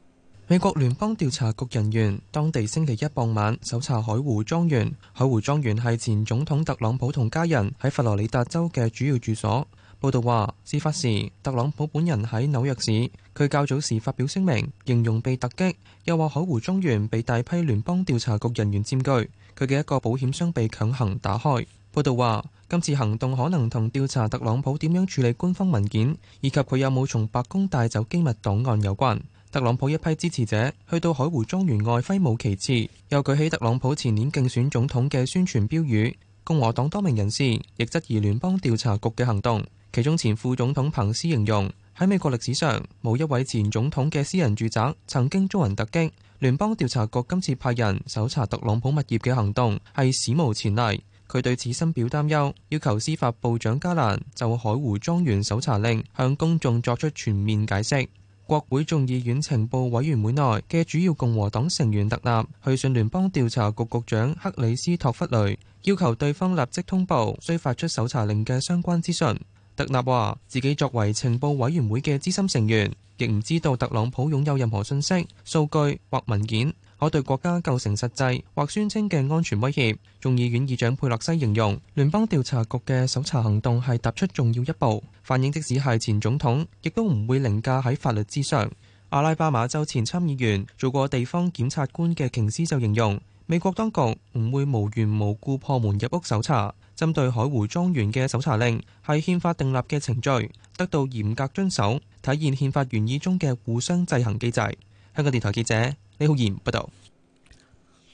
美國聯邦調查局人員當地星期一傍晚搜查海湖莊園。海湖莊園係前總統特朗普同家人喺佛羅里達州嘅主要住所。報道話，事發時特朗普本人喺紐約市。佢較早時發表聲明，形容被突擊，又話海湖莊園被大批聯邦調查局人員佔據。佢嘅一個保險箱被強行打開。報道話，今次行動可能同調查特朗普點樣處理官方文件，以及佢有冇從白宮帶走機密檔案有關。特朗普一批支持者去到海湖莊園外揮舞旗幟，又舉起特朗普前年競選總統嘅宣傳標語。共和黨多名人士亦質疑聯邦調查局嘅行動。其中前副總統彭斯形容，喺美國歷史上，冇一位前總統嘅私人住宅曾經遭人突擊。聯邦調查局今次派人搜查特朗普物業嘅行動係史無前例，佢對此深表擔憂，要求司法部長加蘭就海湖莊園搜查令向公眾作出全面解釋。國會眾議院情報委員會內嘅主要共和黨成員特納去信聯邦調查局局，局長克里斯托弗雷，要求對方立即通報需發出搜查令嘅相關資訊。特納話：自己作為情報委員會嘅資深成員，亦唔知道特朗普擁有任何信息、數據或文件，可對國家構成實際或宣稱嘅安全威脅。眾議院議長佩洛西形容聯邦調查局嘅搜查行動係踏出重要一步，反映即使係前總統，亦都唔會凌駕喺法律之上。阿拉巴馬州前參議員、做過地方檢察官嘅瓊斯就形容美國當局唔會無緣無故破門入屋搜查。針對海湖莊園嘅搜查令，係憲法定立嘅程序，得到嚴格遵守，體現憲法原意中嘅互相制衡機制。香港電台記者李浩然報道。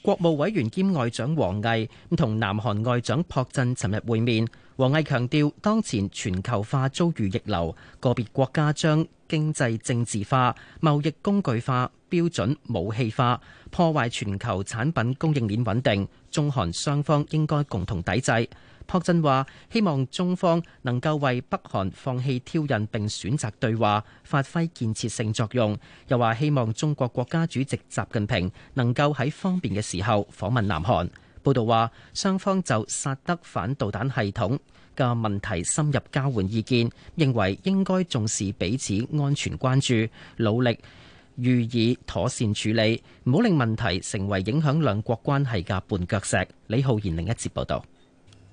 國務委員兼外長王毅同南韓外長朴振尋日會面，王毅強調，當前全球化遭遇逆流，個別國家將經濟政治化、貿易工具化、標準武器化，破壞全球產品供應鏈穩定。中韓雙方應該共同抵制。朴振話：希望中方能夠為北韓放棄挑釁並選擇對話，發揮建設性作用。又話希望中國國家主席習近平能夠喺方便嘅時候訪問南韓。報道話，雙方就薩德反導彈系統嘅問題深入交換意見，認為應該重視彼此安全關注，努力予以妥善處理，唔好令問題成為影響兩國關係嘅絆腳石。李浩然另一節報道。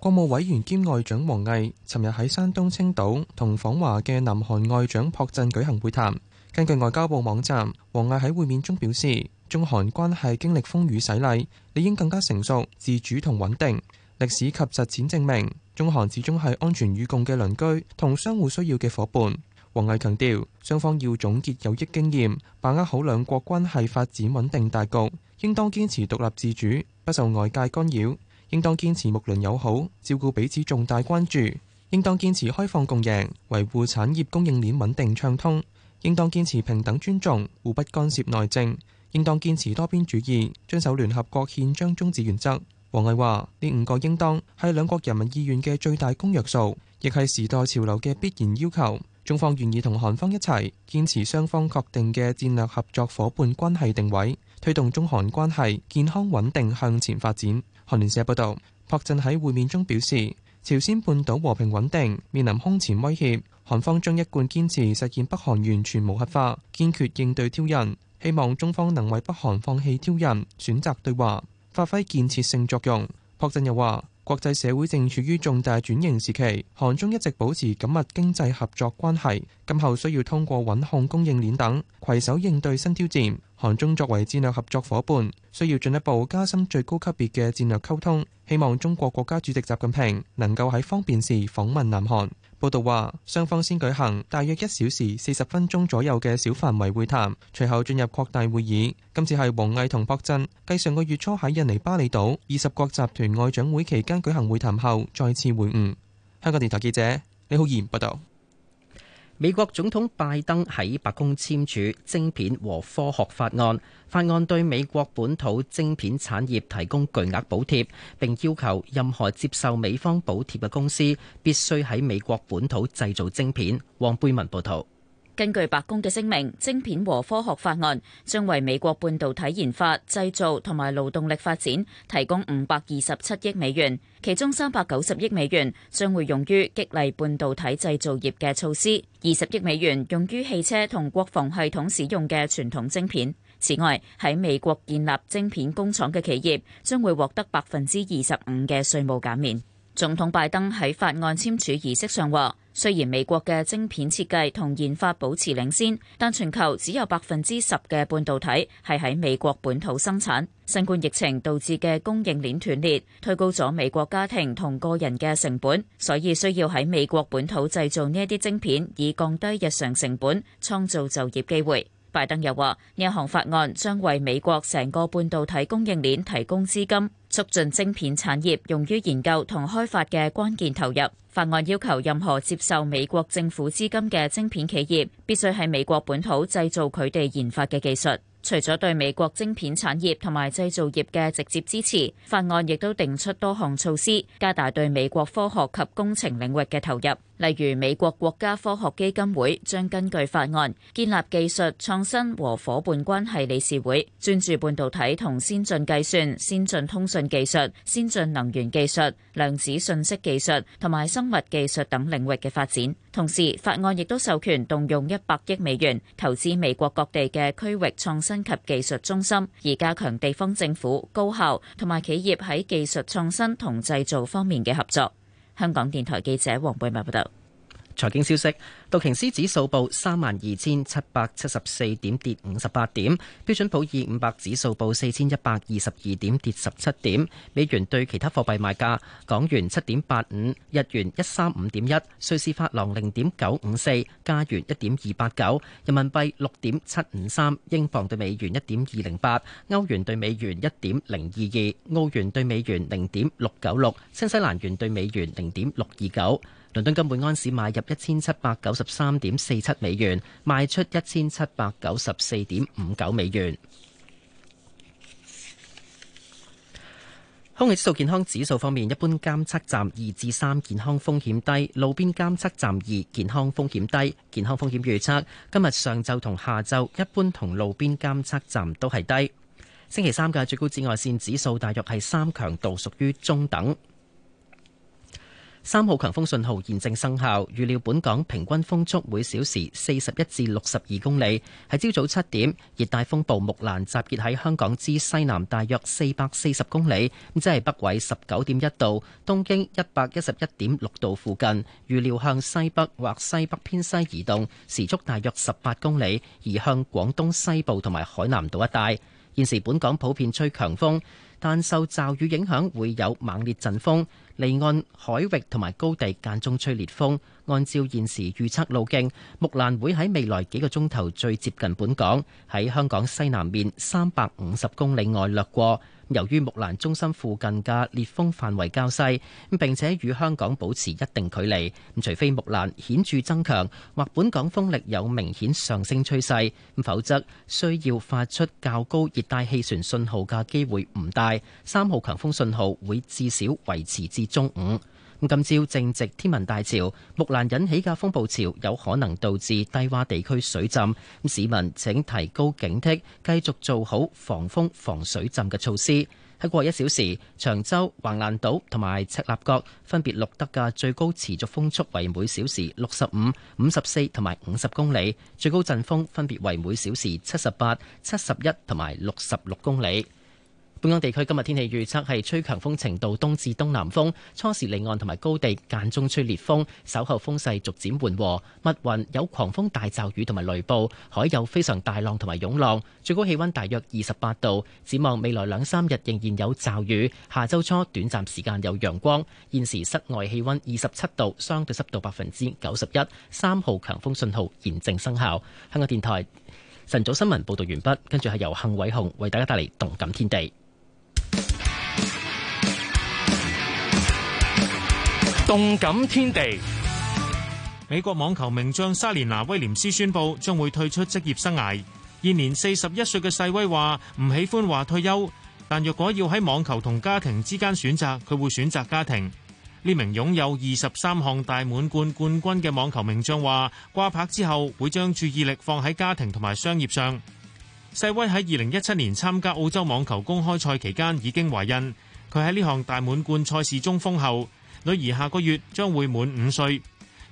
國務委員兼外長王毅尋日喺山東青島同訪華嘅南韓外長朴振舉行會談。根據外交部網站，王毅喺會面中表示：中韓關係經歷風雨洗禮，理應更加成熟、自主同穩定。歷史及實踐證明，中韓始終係安全與共嘅鄰居同相互需要嘅伙伴。王毅強調，雙方要總結有益經驗，把握好兩國關係發展穩定大局，應當堅持獨立自主，不受外界干擾。應當堅持睦鄰友好，照顧彼此重大關注；應當堅持開放共贏，維護產業供應鏈穩定暢通；應當堅持平等尊重，互不干涉內政；應當堅持多邊主義，遵守聯合國憲章宗旨原則。王毅話：呢五個應當係兩國人民意願嘅最大公約數，亦係時代潮流嘅必然要求。中方願意同韓方一齊堅持雙方確定嘅戰略合作伙伴關係定位，推動中韓關係健康穩定向前發展。韓聯社報道，朴振喺會面中表示，朝鮮半島和平穩定面臨空前威脅，韓方將一貫堅持實現北韓完全無核化，堅決應對挑釁。希望中方能為北韓放棄挑釁、選擇對話、發揮建設性作用。朴振又話，國際社會正處於重大轉型時期，韓中一直保持緊密經濟合作關係，今後需要通過穩控供應鏈等，攜手應對新挑戰。韓中作為戰略合作夥伴，需要進一步加深最高級別嘅戰略溝通，希望中國國家主席習近平能夠喺方便時訪問南韓。報導話，雙方先舉行大約一小時四十分鐘左右嘅小範圍會談，隨後進入擴大會議。今次係王毅同博振繼上個月初喺印尼巴厘島二十國集團外長會期間舉行會談後再次會晤。香港電台記者李浩然報道。美國總統拜登喺白宮簽署晶片和科學法案。法案對美國本土晶片產業提供巨額補貼，並要求任何接受美方補貼嘅公司必須喺美國本土製造晶片。黃貝文報道。根據白宮嘅聲明，晶片和科學法案將為美國半導體研發、製造同埋勞動力發展提供五百二十七億美元，其中三百九十億美元將會用於激勵半導體製造業嘅措施，二十億美元用於汽車同國防系統使用嘅傳統晶片。此外，喺美國建立晶片工廠嘅企業將會獲得百分之二十五嘅稅務減免。總統拜登喺法案簽署儀式上話：雖然美國嘅晶片設計同研發保持領先，但全球只有百分之十嘅半導體係喺美國本土生產。新冠疫情導致嘅供應鏈斷裂，推高咗美國家庭同個人嘅成本，所以需要喺美國本土製造呢一啲晶片，以降低日常成本，創造就業機會。拜登又話：呢項法案將為美國成個半導體供應鏈提供資金，促進晶片產業用於研究同開發嘅關鍵投入。法案要求任何接受美國政府資金嘅晶片企業，必須喺美國本土製造佢哋研發嘅技術。除咗對美國晶片產業同埋製造業嘅直接支持，法案亦都定出多項措施，加大對美國科學及工程領域嘅投入。例如，美國國家科學基金會將根據法案建立技術創新和伙伴關係理事會，專注半導體、同先進計算、先進通訊技術、先進能源技術、量子信息技術同埋生物技術等領域嘅發展。同時，法案亦都授權動用一百億美元投資美國各地嘅區域創新及技術中心，而加強地方政府、高校同埋企業喺技術創新同製造方面嘅合作。香港電台記者黃貝文報道。財經消息：道瓊斯指數報三萬二千七百七十四點，跌五十八點；標準普爾五百指數報四千一百二十二點，跌十七點。美元對其他貨幣賣價：港元七點八五，日元一三五點一，瑞士法郎零點九五四，加元一點二八九，人民幣六點七五三，英鎊對美元一點二零八，歐元對美元一點零二二，澳元對美元零點六九六，新西蘭元對美元零點六二九。倫敦金每盎士買入一千七百九十三點四七美元，賣出一千七百九十四點五九美元。空氣質素健康指數方面，一般監測站二至三健康風險低，路邊監測站二健康風險低。健康風險預測今日上晝同下晝一般同路邊監測站都係低。星期三嘅最高紫外線指數大約係三，強度屬於中等。三號強風信號現正生效，預料本港平均風速每小時四十一至六十二公里。喺朝早七點，熱帶風暴木蘭集結喺香港之西南大約四百四十公里，即係北緯十九點一度，東經一百一十一點六度附近。預料向西北或西北偏西移動，時速大約十八公里，移向廣東西部同埋海南島一帶。現時本港普遍吹強風，但受驟雨影響，會有猛烈陣風。離岸海域同埋高地間中吹烈風，按照現時預測路徑木蘭會喺未來幾個鐘頭最接近本港，喺香港西南面三百五十公里外掠過，由於木蘭中心附近嘅烈風範圍較細，並且與香港保持一定距離，除非木蘭顯著增強或本港風力有明顯上升趨勢，否則需要發出較高熱帶氣旋信號嘅機會唔大。三號強風信號會至少維持至。中午咁，今朝正值天文大潮，木蘭引起嘅風暴潮有可能導致低窪地區水浸，咁市民請提高警惕，繼續做好防風防水浸嘅措施。喺過一小時，長洲、橫瀾島同埋赤鱲角分別錄得嘅最高持續風速為每小時六十五、五十四同埋五十公里，最高陣風分別為每小時七十八、七十一同埋六十六公里。本港地區今日天，天氣預測係吹強風程度東至東南風，初時離岸同埋高地間中吹烈風，稍後風勢逐漸緩和。密雲有狂風大驟雨同埋雷暴，海有非常大浪同埋湧浪。最高氣溫大約二十八度。展望未來兩三日仍然有驟雨，下周初短暫時間有陽光。現時室外氣溫二十七度，相對濕度百分之九十一，三號強風信號現正生效。香港電台晨早新聞報道完畢，跟住係由幸偉雄為大家帶嚟動感天地。動感天地。美國網球名將莎蓮娜威廉斯宣佈將會退出職業生涯。現年四十一歲嘅細威話，唔喜歡話退休，但若果要喺網球同家庭之間選擇，佢會選擇家庭。呢名擁有二十三項大滿貫冠軍嘅網球名將話，掛拍之後會將注意力放喺家庭同埋商業上。細威喺二零一七年參加澳洲網球公開賽期間已經懷孕，佢喺呢項大滿貫賽事中封后。女兒下個月將會滿五歲，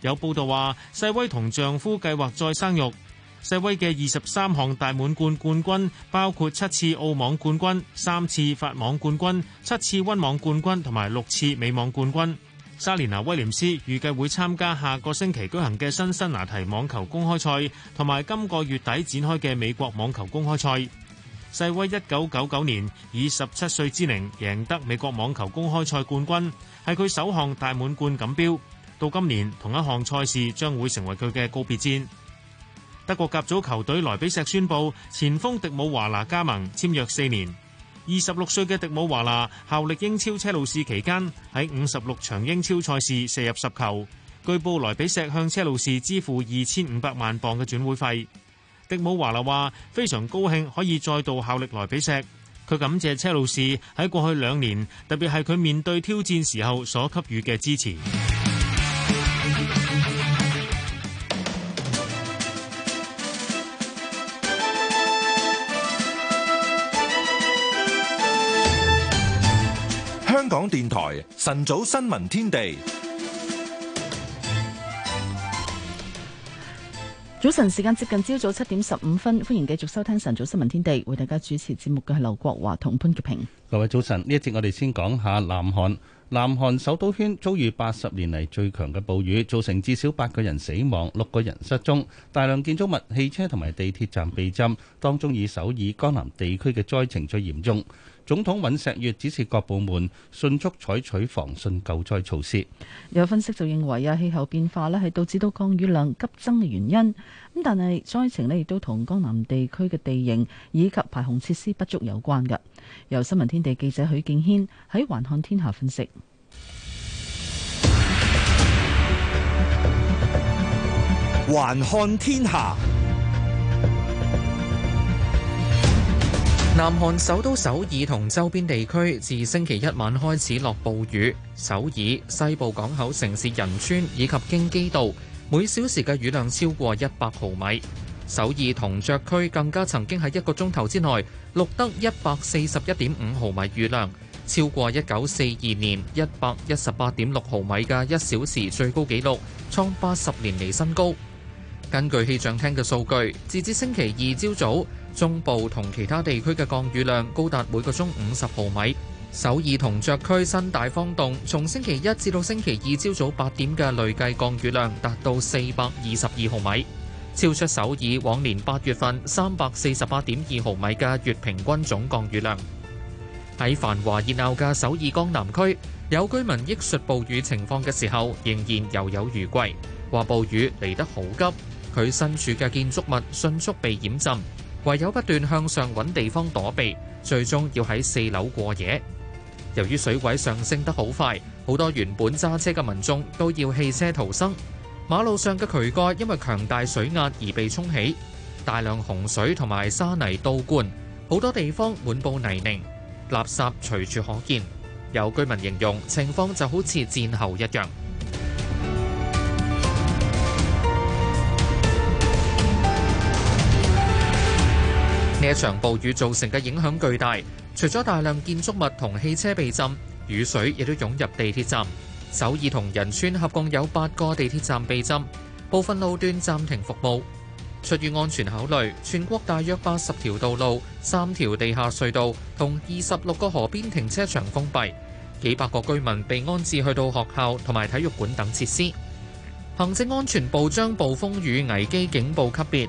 有報道話，世威同丈夫計劃再生育。世威嘅二十三項大滿貫冠軍，包括七次澳網冠軍、三次法網冠軍、七次温網冠軍同埋六次美網冠軍。莎蓮娜威廉斯預計會參加下個星期舉行嘅辛辛那提網球公開賽，同埋今個月底展開嘅美國網球公開賽。世威一九九九年以十七歲之齡贏得美國網球公開賽冠軍。係佢首項大滿貫錦標，到今年同一項賽事將會成為佢嘅告別戰。德國甲組球隊萊比錫宣布前鋒迪姆華拿加盟，簽約四年。二十六歲嘅迪姆華拿效力英超車路士期間，喺五十六場英超賽事射入十球。據報萊比錫向車路士支付二千五百萬鎊嘅轉會費。迪姆華拿話非常高興可以再度效力萊比錫。佢感謝車路士喺過去兩年，特別係佢面對挑戰時候所給予嘅支持。香港電台晨早新聞天地。早晨時間接近朝早七點十五分，歡迎繼續收聽晨早新聞天地，為大家主持節目嘅係劉國華同潘潔平。各位早晨，呢一節我哋先講下南韓。南韓首都圈遭遇八十年嚟最強嘅暴雨，造成至少八個人死亡、六個人失蹤，大量建築物、汽車同埋地鐵站被浸，當中以首爾江南地區嘅災情最嚴重。總統尹錫悅指示各部門迅速採取防汛救災措施。有分析就認為啊，氣候變化咧係導致到降雨量急增嘅原因。咁但係災情咧亦都同江南地區嘅地形以及排洪設施不足有關嘅。由新聞天地記者許敬軒喺《環看天下》分析。環看天下。南韓首都首爾同周邊地區自星期一晚開始落暴雨，首爾西部港口城市仁川以及京畿道每小時嘅雨量超過一百毫米。首爾銅雀區更加曾經喺一個鐘頭之內錄得一百四十一點五毫米雨量，超過一九四二年一百一十八點六毫米嘅一小時最高紀錄，創八十年嚟新高。根據氣象廳嘅數據，截至星期二朝早，中部同其他地區嘅降雨量高達每個鐘五十毫米。首爾銅雀區新大方洞從星期一至到星期二朝早八點嘅累計降雨量達到四百二十二毫米，超出首爾往年八月份三百四十八點二毫米嘅月平均總降雨量。喺繁華熱鬧嘅首爾江南區，有居民憶述暴雨情況嘅時候，仍然猶有餘悸，話：暴雨嚟得好急，佢身處嘅建築物迅速被淹浸。唯有不斷向上揾地方躲避，最終要喺四樓過夜。由於水位上升得好快，好多原本揸車嘅民眾都要棄車逃生。馬路上嘅渠蓋因為強大水壓而被沖起，大量洪水同埋沙泥倒灌，好多地方滿布泥濘，垃圾隨處可見。有居民形容情況就好似戰後一樣。呢一場暴雨造成嘅影響巨大，除咗大量建築物同汽車被浸，雨水亦都湧入地鐵站。首爾同仁川合共有八個地鐵站被浸，部分路段暫停服務。出於安全考慮，全國大約八十條道路、三條地下隧道同二十六個河邊停車場封閉，幾百個居民被安置去到學校同埋體育館等設施。行政安全部將暴風雨危機警報級別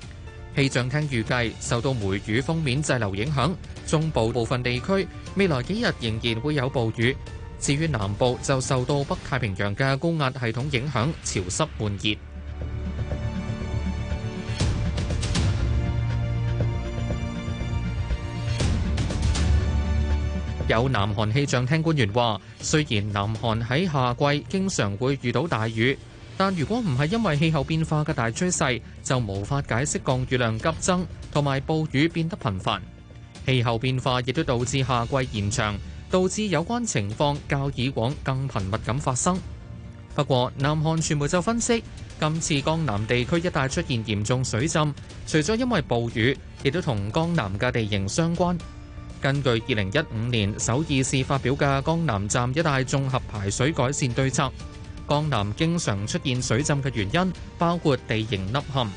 氣象廳預計受到梅雨鋒面滯留影響，中部部分地區未來幾日仍然會有暴雨。至於南部就受到北太平洋嘅高壓系統影響，潮濕悶熱。 有南韓氣象廳官員話，雖然南韓喺夏季經常會遇到大雨。但如果唔係因為氣候變化嘅大趨勢，就無法解釋降雨量急增同埋暴雨變得頻繁。氣候變化亦都導致夏季延長，導致有關情況較以往更頻密咁發生。不過，南韓傳媒就分析，今次江南地區一帶出現嚴重水浸，除咗因為暴雨，亦都同江南嘅地形相關。根據二零一五年首爾市發表嘅江南站一帶綜合排水改善對策。江南經常出現水浸嘅原因，包括地形凹陷，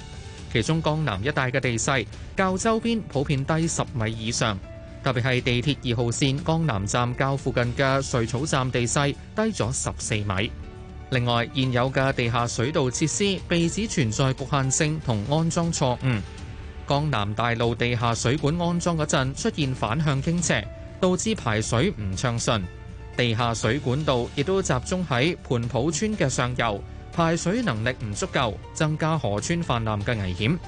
其中江南一帶嘅地勢較周邊普遍低十米以上，特別係地鐵二號線江南站較附近嘅瑞草站地勢低咗十四米。另外，現有嘅地下水道設施被指存在局限性同安裝錯誤，江南大路地下水管安裝嗰陣出現反向傾斜，導致排水唔暢順。地下水管道亦都集中喺盤浦村嘅上游，排水能力唔足夠，增加河川泛濫嘅危險。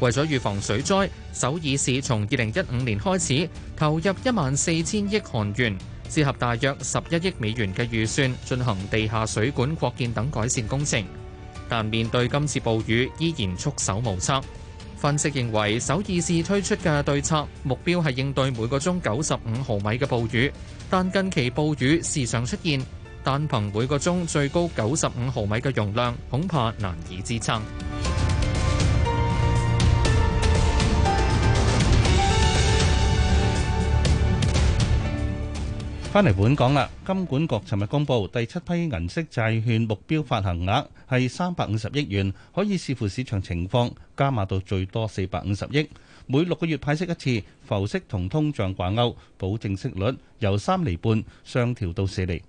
為咗預防水災，首爾市從二零一五年開始投入一萬四千億韓元，折合大約十一億美元嘅預算，進行地下水管擴建等改善工程。但面對今次暴雨，依然束手無策。分析認為，首爾市推出嘅對策目標係應對每個鐘九十五毫米嘅暴雨，但近期暴雨時常出現，單憑每個鐘最高九十五毫米嘅容量，恐怕難以支撐。翻嚟本港啦，金管局尋日公布第七批銀色債券目標發行額係三百五十億元，可以視乎市場情況加碼到最多四百五十億，每六個月派息一次，浮息同通脹掛鈎，保證息率由三釐半上調到四釐。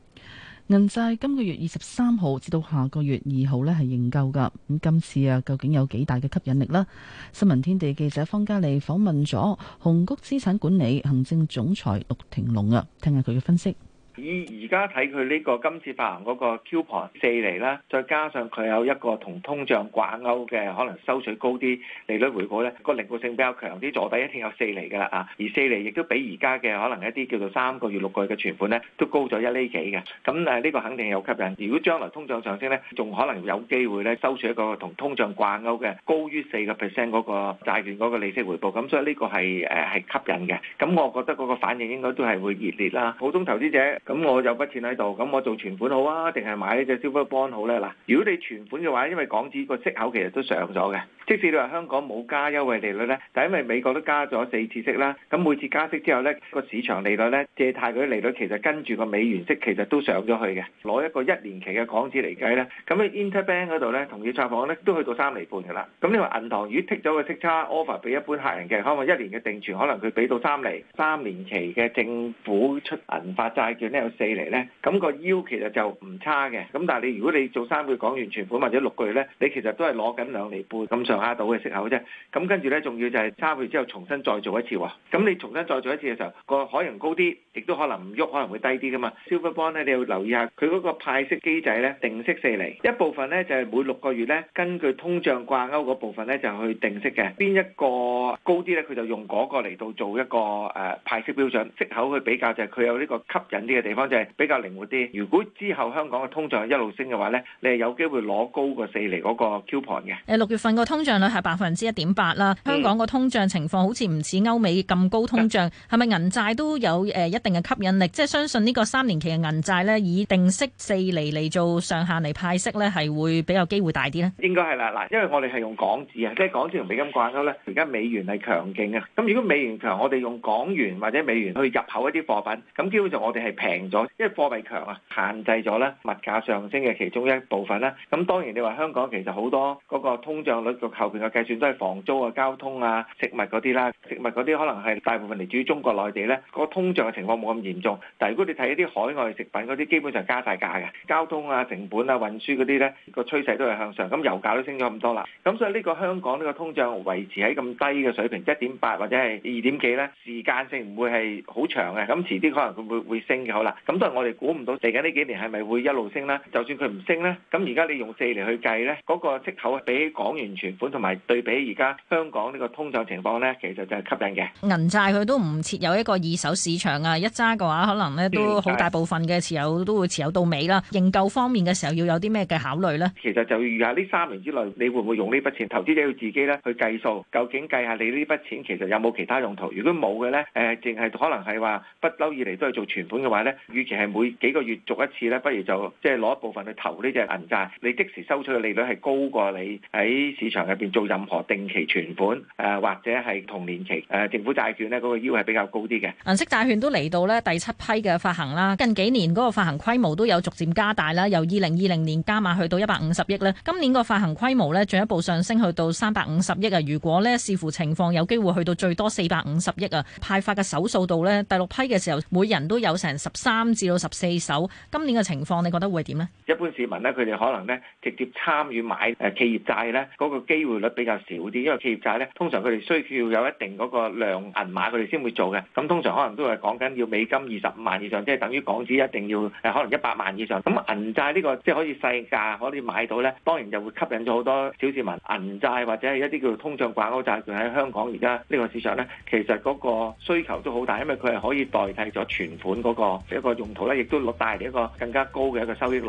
銀債今個月二十三號至到下個月二號咧，係認購噶咁今次啊，究竟有幾大嘅吸引力呢？新聞天地記者方嘉莉訪問咗紅谷資產管理行政總裁陸庭龍啊，聽下佢嘅分析。以而家睇佢呢個今次發行嗰個 coupon 四厘啦，再加上佢有一個同通脹掛鈎嘅，可能收取高啲利率回報咧，個靈活性比較強啲，坐底一定有四厘噶啦啊，而四厘亦都比而家嘅可能一啲叫做三個月、六個月嘅存款咧，都高咗一厘幾嘅。咁誒呢個肯定有吸引。如果將來通脹上升咧，仲可能有機會咧收取一個同通脹掛鈎嘅高於四個 percent 嗰個債券嗰個利息回報。咁所以呢個係誒係吸引嘅。咁我覺得嗰個反應應該都係會熱烈啦。普通投資者。咁我有筆錢喺度，咁我做存款好啊，定係買呢隻 silver bond 好咧？嗱，如果你存款嘅話，因為港紙個息口其實都上咗嘅，即使你話香港冇加優惠利率咧，就因為美國都加咗四次息啦，咁每次加息之後咧，個市場利率咧，借貸嗰啲利率其實跟住個美元息其實都上咗去嘅。攞一個一年期嘅港紙嚟計咧，咁喺 inter bank 嗰度咧，同業拆放咧都去到三厘半嘅啦。咁你話銀行如果剔咗個息差 offer 俾一般客人嘅，可能一年嘅定存可能佢俾到三厘，三年期嘅政府出銀發債券有四厘咧，咁個腰其實就唔差嘅。咁但係你如果你做三個月講完全款或者六個月咧，你其實都係攞緊兩厘半咁上下度嘅息口啫。咁跟住咧，仲要就係三個月之後重新再做一次喎。咁你重新再做一次嘅時候，個可能高啲，亦都可能唔喐，可能會低啲噶嘛。Silver Bond 咧，你要留意下佢嗰個派息機制咧，定息四厘，一部分咧就係每六個月咧根據通脹掛鈎嗰部分咧就去定息嘅。邊一個高啲咧，佢就用嗰個嚟到做一個誒派息標準息口去比較，就係佢有呢個吸引啲嘅。地方就係比較靈活啲。如果之後香港嘅通脹一路升嘅話咧，你係有機會攞高過四厘嗰個 coupon 嘅。誒六月份個通脹率係百分之一點八啦。香港個通脹情況好似唔似歐美咁高通脹，係咪、嗯、銀債都有誒、呃、一定嘅吸引力？即係相信呢個三年期嘅銀債咧，以定息四厘嚟做上限嚟派息咧，係會比較機會大啲咧？應該係啦，嗱，因為我哋係用港紙啊，即係港紙同美金掛鈎咧。而家美元係強勁嘅，咁如果美元強，我哋用港元或者美元去入口一啲貨品，咁基本上我哋係平。平咗，因為貨幣強啊，限制咗咧物價上升嘅其中一部分啦。咁當然你話香港其實好多嗰個通脹率個後邊嘅計算都係房租啊、交通啊、食物嗰啲啦，食物嗰啲可能係大部分嚟自於中國內地咧，個通脹嘅情況冇咁嚴重。但係如果你睇一啲海外食品嗰啲，基本上加曬價嘅，交通啊、成本啊、運輸嗰啲咧，個趨勢都係向上。咁油價都升咗咁多啦。咁所以呢個香港呢個通脹維持喺咁低嘅水平，一點八或者係二點幾咧，時間性唔會係好長嘅。咁遲啲可能佢會會升嘅。啦，咁都係我哋估唔到嚟緊呢幾年係咪會一路升啦？就算佢唔升咧，咁而家你用四嚟去計咧，嗰、嗰個息口比起港元存款同埋對比而家香港呢個通脹情況咧，其實就係吸引嘅。銀債佢都唔設有一個二手市場啊，一揸嘅話可能咧都好大部分嘅持有都會持有到尾啦。認購方面嘅時候要有啲咩嘅考慮咧？其實就預下呢三年之內你會唔會用呢筆錢？投資者要自己咧去計數，究竟計下你呢筆錢其實有冇其他用途？如果冇嘅咧，誒淨係可能係話不嬲以嚟都係做存款嘅話咧，與其係每幾個月續一次咧，不如就即係攞一部分去投呢隻銀債，你即時收取嘅利率係高過你喺市場入邊做任何定期存款誒，或者係同年期誒政府債券呢嗰個腰係比較高啲嘅。銀色債券都嚟到咧第七批嘅發行啦，近幾年嗰個發行規模都有逐漸加大啦，由二零二零年加碼去到一百五十億咧，今年個發行規模咧進一步上升去到三百五十億啊！如果呢視乎情況，有機會去到最多四百五十億啊！派發嘅手數度呢，第六批嘅時候每人都有成十三至到十四手，今年嘅情況，你覺得會點呢？一般市民咧，佢哋可能咧直接參與買誒、呃、企業債咧，嗰、那個機會率比較少啲，因為企業債咧通常佢哋需要有一定嗰個量銀碼，佢哋先會做嘅。咁通常可能都係講緊要美金二十五萬以上，即係等於港紙一定要誒、呃、可能一百萬以上。咁銀債呢個即係可以細價可以買到咧，當然就會吸引咗好多小市民。銀債或者係一啲叫做通脹掛鉤債券，喺香港而家呢個市場咧，其實嗰個需求都好大，因為佢係可以代替咗存款嗰、那個一個用途咧，亦都落大啲一個更加高嘅一個收益率。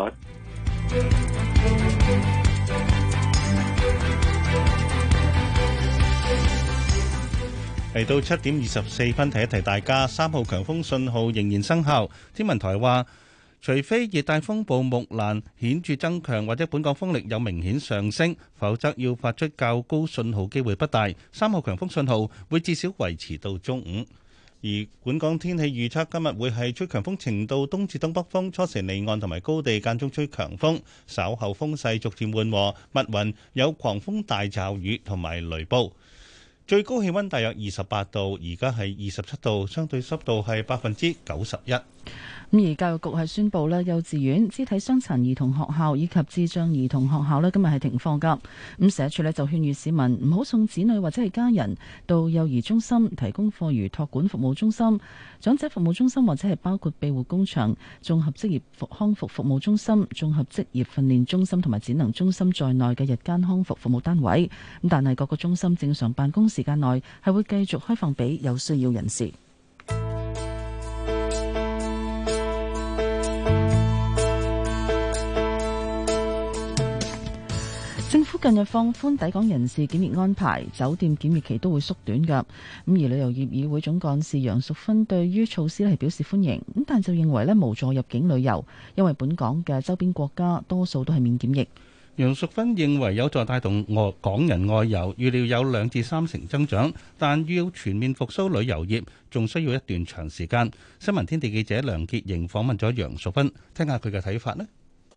嚟到七點二十四分，提一提大家，三號強風信號仍然生效。天文台話，除非熱帶風暴木蘭顯著增強，或者本港風力有明顯上升，否則要發出較高信號機會不大。三號強風信號會至少維持到中午。而本港天氣預測今日會係吹強風程度東至東北風，初時離岸同埋高地間中吹強風，稍後風勢逐漸緩和，密雲有狂風大驟雨同埋雷暴，最高氣溫大約二十八度，而家係二十七度，相對濕度係百分之九十一。咁而教育局係宣布咧，幼稚園、肢體傷殘兒童學校以及智障兒童學校咧，今日係停課噶。咁社署咧就勸喻市民唔好送子女或者係家人到幼兒中心、提供課餘託管服務中心、長者服務中心或者係包括庇護工場、綜合職業康復服務中心、綜合職業訓練中心同埋展能中心在內嘅日間康復服務單位。咁但係各個中心正常辦公時間內係會繼續開放俾有需要人士。政府近日放寬抵港人士檢疫安排，酒店檢疫期都會縮短噶。咁而旅遊業議會總幹事楊淑芬對於措施係表示歡迎，咁但就認為咧無助入境旅遊，因為本港嘅周邊國家多數都係免檢疫。楊淑芬認為有助帶動外港人外遊，預料有兩至三成增長，但要全面復甦旅遊業，仲需要一段長時間。新聞天地記者梁潔瑩訪問咗楊淑芬，聽下佢嘅睇法咧。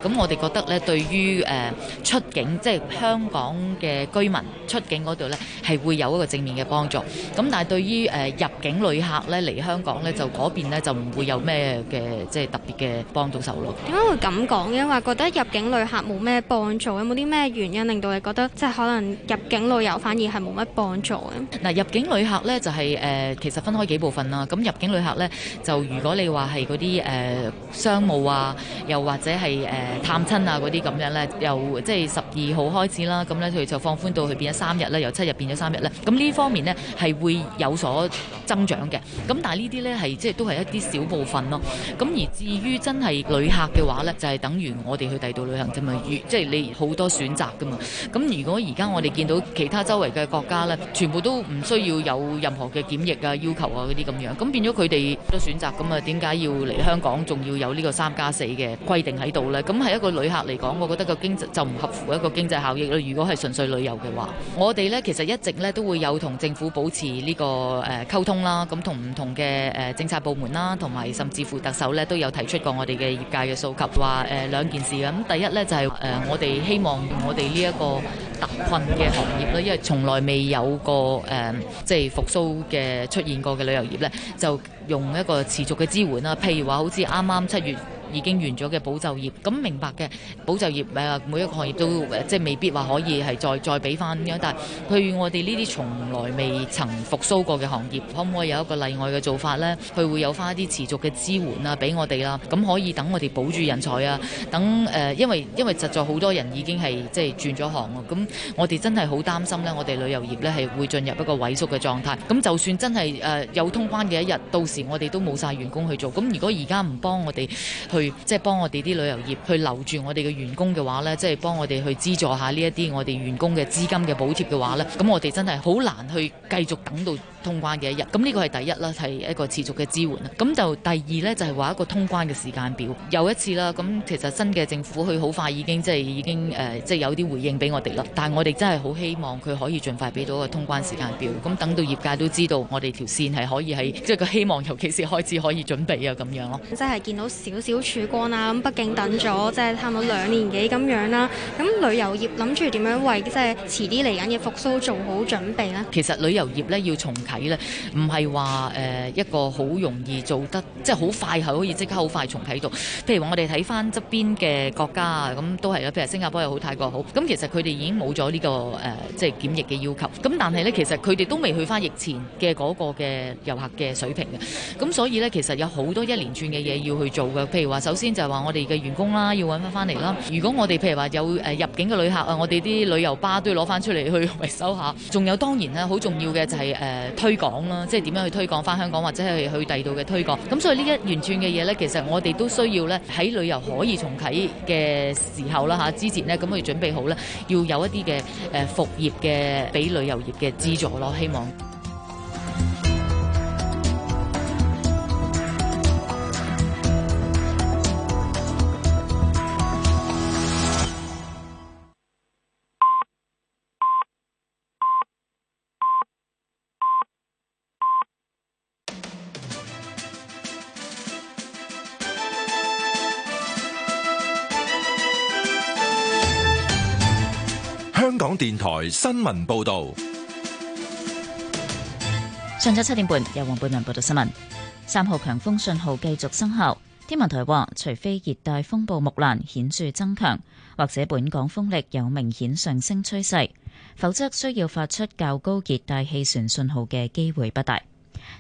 咁我哋覺得咧，對於誒、呃、出境，即係香港嘅居民出境嗰度咧，係會有一個正面嘅幫助。咁但係對於誒、呃、入境旅客咧嚟香港咧，就嗰邊咧就唔會有咩嘅即係特別嘅幫到手咯。點解會咁講？因為覺得入境旅客冇咩幫助，有冇啲咩原因令到你覺得即係可能入境旅遊反而係冇乜幫助嘅？嗱、呃，入境旅客咧就係、是、誒、呃，其實分開幾部分啦。咁、啊、入境旅客咧，就如果你話係嗰啲誒商務啊，又或者係誒，呃探親啊嗰啲咁樣呢，由即係十二號開始啦，咁呢，佢就放寬到去，變咗三日啦，由七日變咗三日咧。咁呢方面呢，係會有所增長嘅。咁但係呢啲呢，係即係都係一啲小部分咯。咁而至於真係旅客嘅話呢，就係等於我哋去第二度旅行啫嘛。即係你好多選擇噶嘛。咁如果而家我哋見到其他周圍嘅國家呢，全部都唔需要有任何嘅檢疫啊要求啊嗰啲咁樣，咁變咗佢哋好多選擇，咁啊點解要嚟香港仲要有呢個三加四嘅規定喺度呢？咁係一個旅客嚟講，我覺得個經濟就唔合乎一個經濟效益咯。如果係純粹旅遊嘅話，我哋呢其實一直呢都會有同政府保持呢、這個誒、呃、溝通啦。咁、啊、同唔同嘅誒政策部門啦，同、啊、埋甚至乎特首呢都有提出過我哋嘅業界嘅訴求，話誒兩件事。咁、啊、第一呢就係、是、誒、呃、我哋希望用我哋呢一個特困嘅行業呢，因為從來未有過誒、呃、即係復甦嘅出現過嘅旅遊業呢，就用一個持續嘅支援啦。譬如話好似啱啱七月。已經完咗嘅保就業，咁明白嘅保就業誒，每一個行業都即係未必話可以係再再俾翻咁樣，但係去我哋呢啲從來未曾復甦過嘅行業，可唔可以有一個例外嘅做法呢？佢會有翻一啲持續嘅支援啊，俾我哋啦、啊，咁可以等我哋保住人才啊，等誒、呃，因為因為實在好多人已經係即係轉咗行喎、啊，咁我哋真係好擔心呢，我哋旅遊業呢係會進入一個萎縮嘅狀態。咁就算真係誒、呃、有通關嘅一日，到時我哋都冇晒員工去做。咁如果而家唔幫我哋去，去即係幫我哋啲旅遊業去留住我哋嘅員工嘅話呢，即係幫我哋去資助下呢一啲我哋員工嘅資金嘅補貼嘅話呢，咁我哋真係好難去繼續等到。通關嘅一日，咁、這、呢個係第一啦，係一個持續嘅支援啦。咁就第二呢，就係話一個通關嘅時間表。有一次啦，咁其實新嘅政府佢好快已經，即、就、係、是、已經，誒、呃，即、就、係、是、有啲回應俾我哋啦。但係我哋真係好希望佢可以盡快俾到個通關時間表。咁等到業界都知道我哋條線係可以喺，即係個希望，尤其是開始可以準備啊咁樣咯。真係見到少少曙光啊。咁畢竟等咗即係差唔多兩年幾，咁樣啦。咁旅遊業諗住點樣為，即、就、係、是、遲啲嚟緊嘅復甦做好準備呢？其實旅遊業呢，要從。睇咧，唔係話誒一個好容易做得，即係好快係可以即刻好快重啟到。譬如話，我哋睇翻側邊嘅國家咁、嗯、都係啦，譬如新加坡又好，泰國好。咁、嗯、其實佢哋已經冇咗呢個誒、呃，即係檢疫嘅要求。咁、嗯、但係呢，其實佢哋都未去翻疫前嘅嗰個嘅遊客嘅水平嘅。咁、嗯、所以呢，其實有好多一連串嘅嘢要去做嘅。譬如話，首先就係話我哋嘅員工啦，要揾翻翻嚟啦。如果我哋譬如話有誒入境嘅旅客啊，我哋啲旅遊巴都要攞翻出嚟去維修下。仲有當然咧，好重要嘅就係、是、誒。呃推廣啦，即係點樣去推廣翻香港，或者係去第二度嘅推廣。咁所以呢一圓轉嘅嘢呢，其實我哋都需要呢，喺旅遊可以重啟嘅時候啦嚇，之前呢，咁我哋準備好咧，要有一啲嘅誒服業嘅俾旅遊業嘅資助咯，希望。台新聞報道，上晝七點半由黃貝文報道新聞。三號強風信號繼續生效。天文台話，除非熱帶風暴木蘭顯著增強，或者本港風力有明顯上升趨勢，否則需要發出較高熱帶氣旋信號嘅機會不大。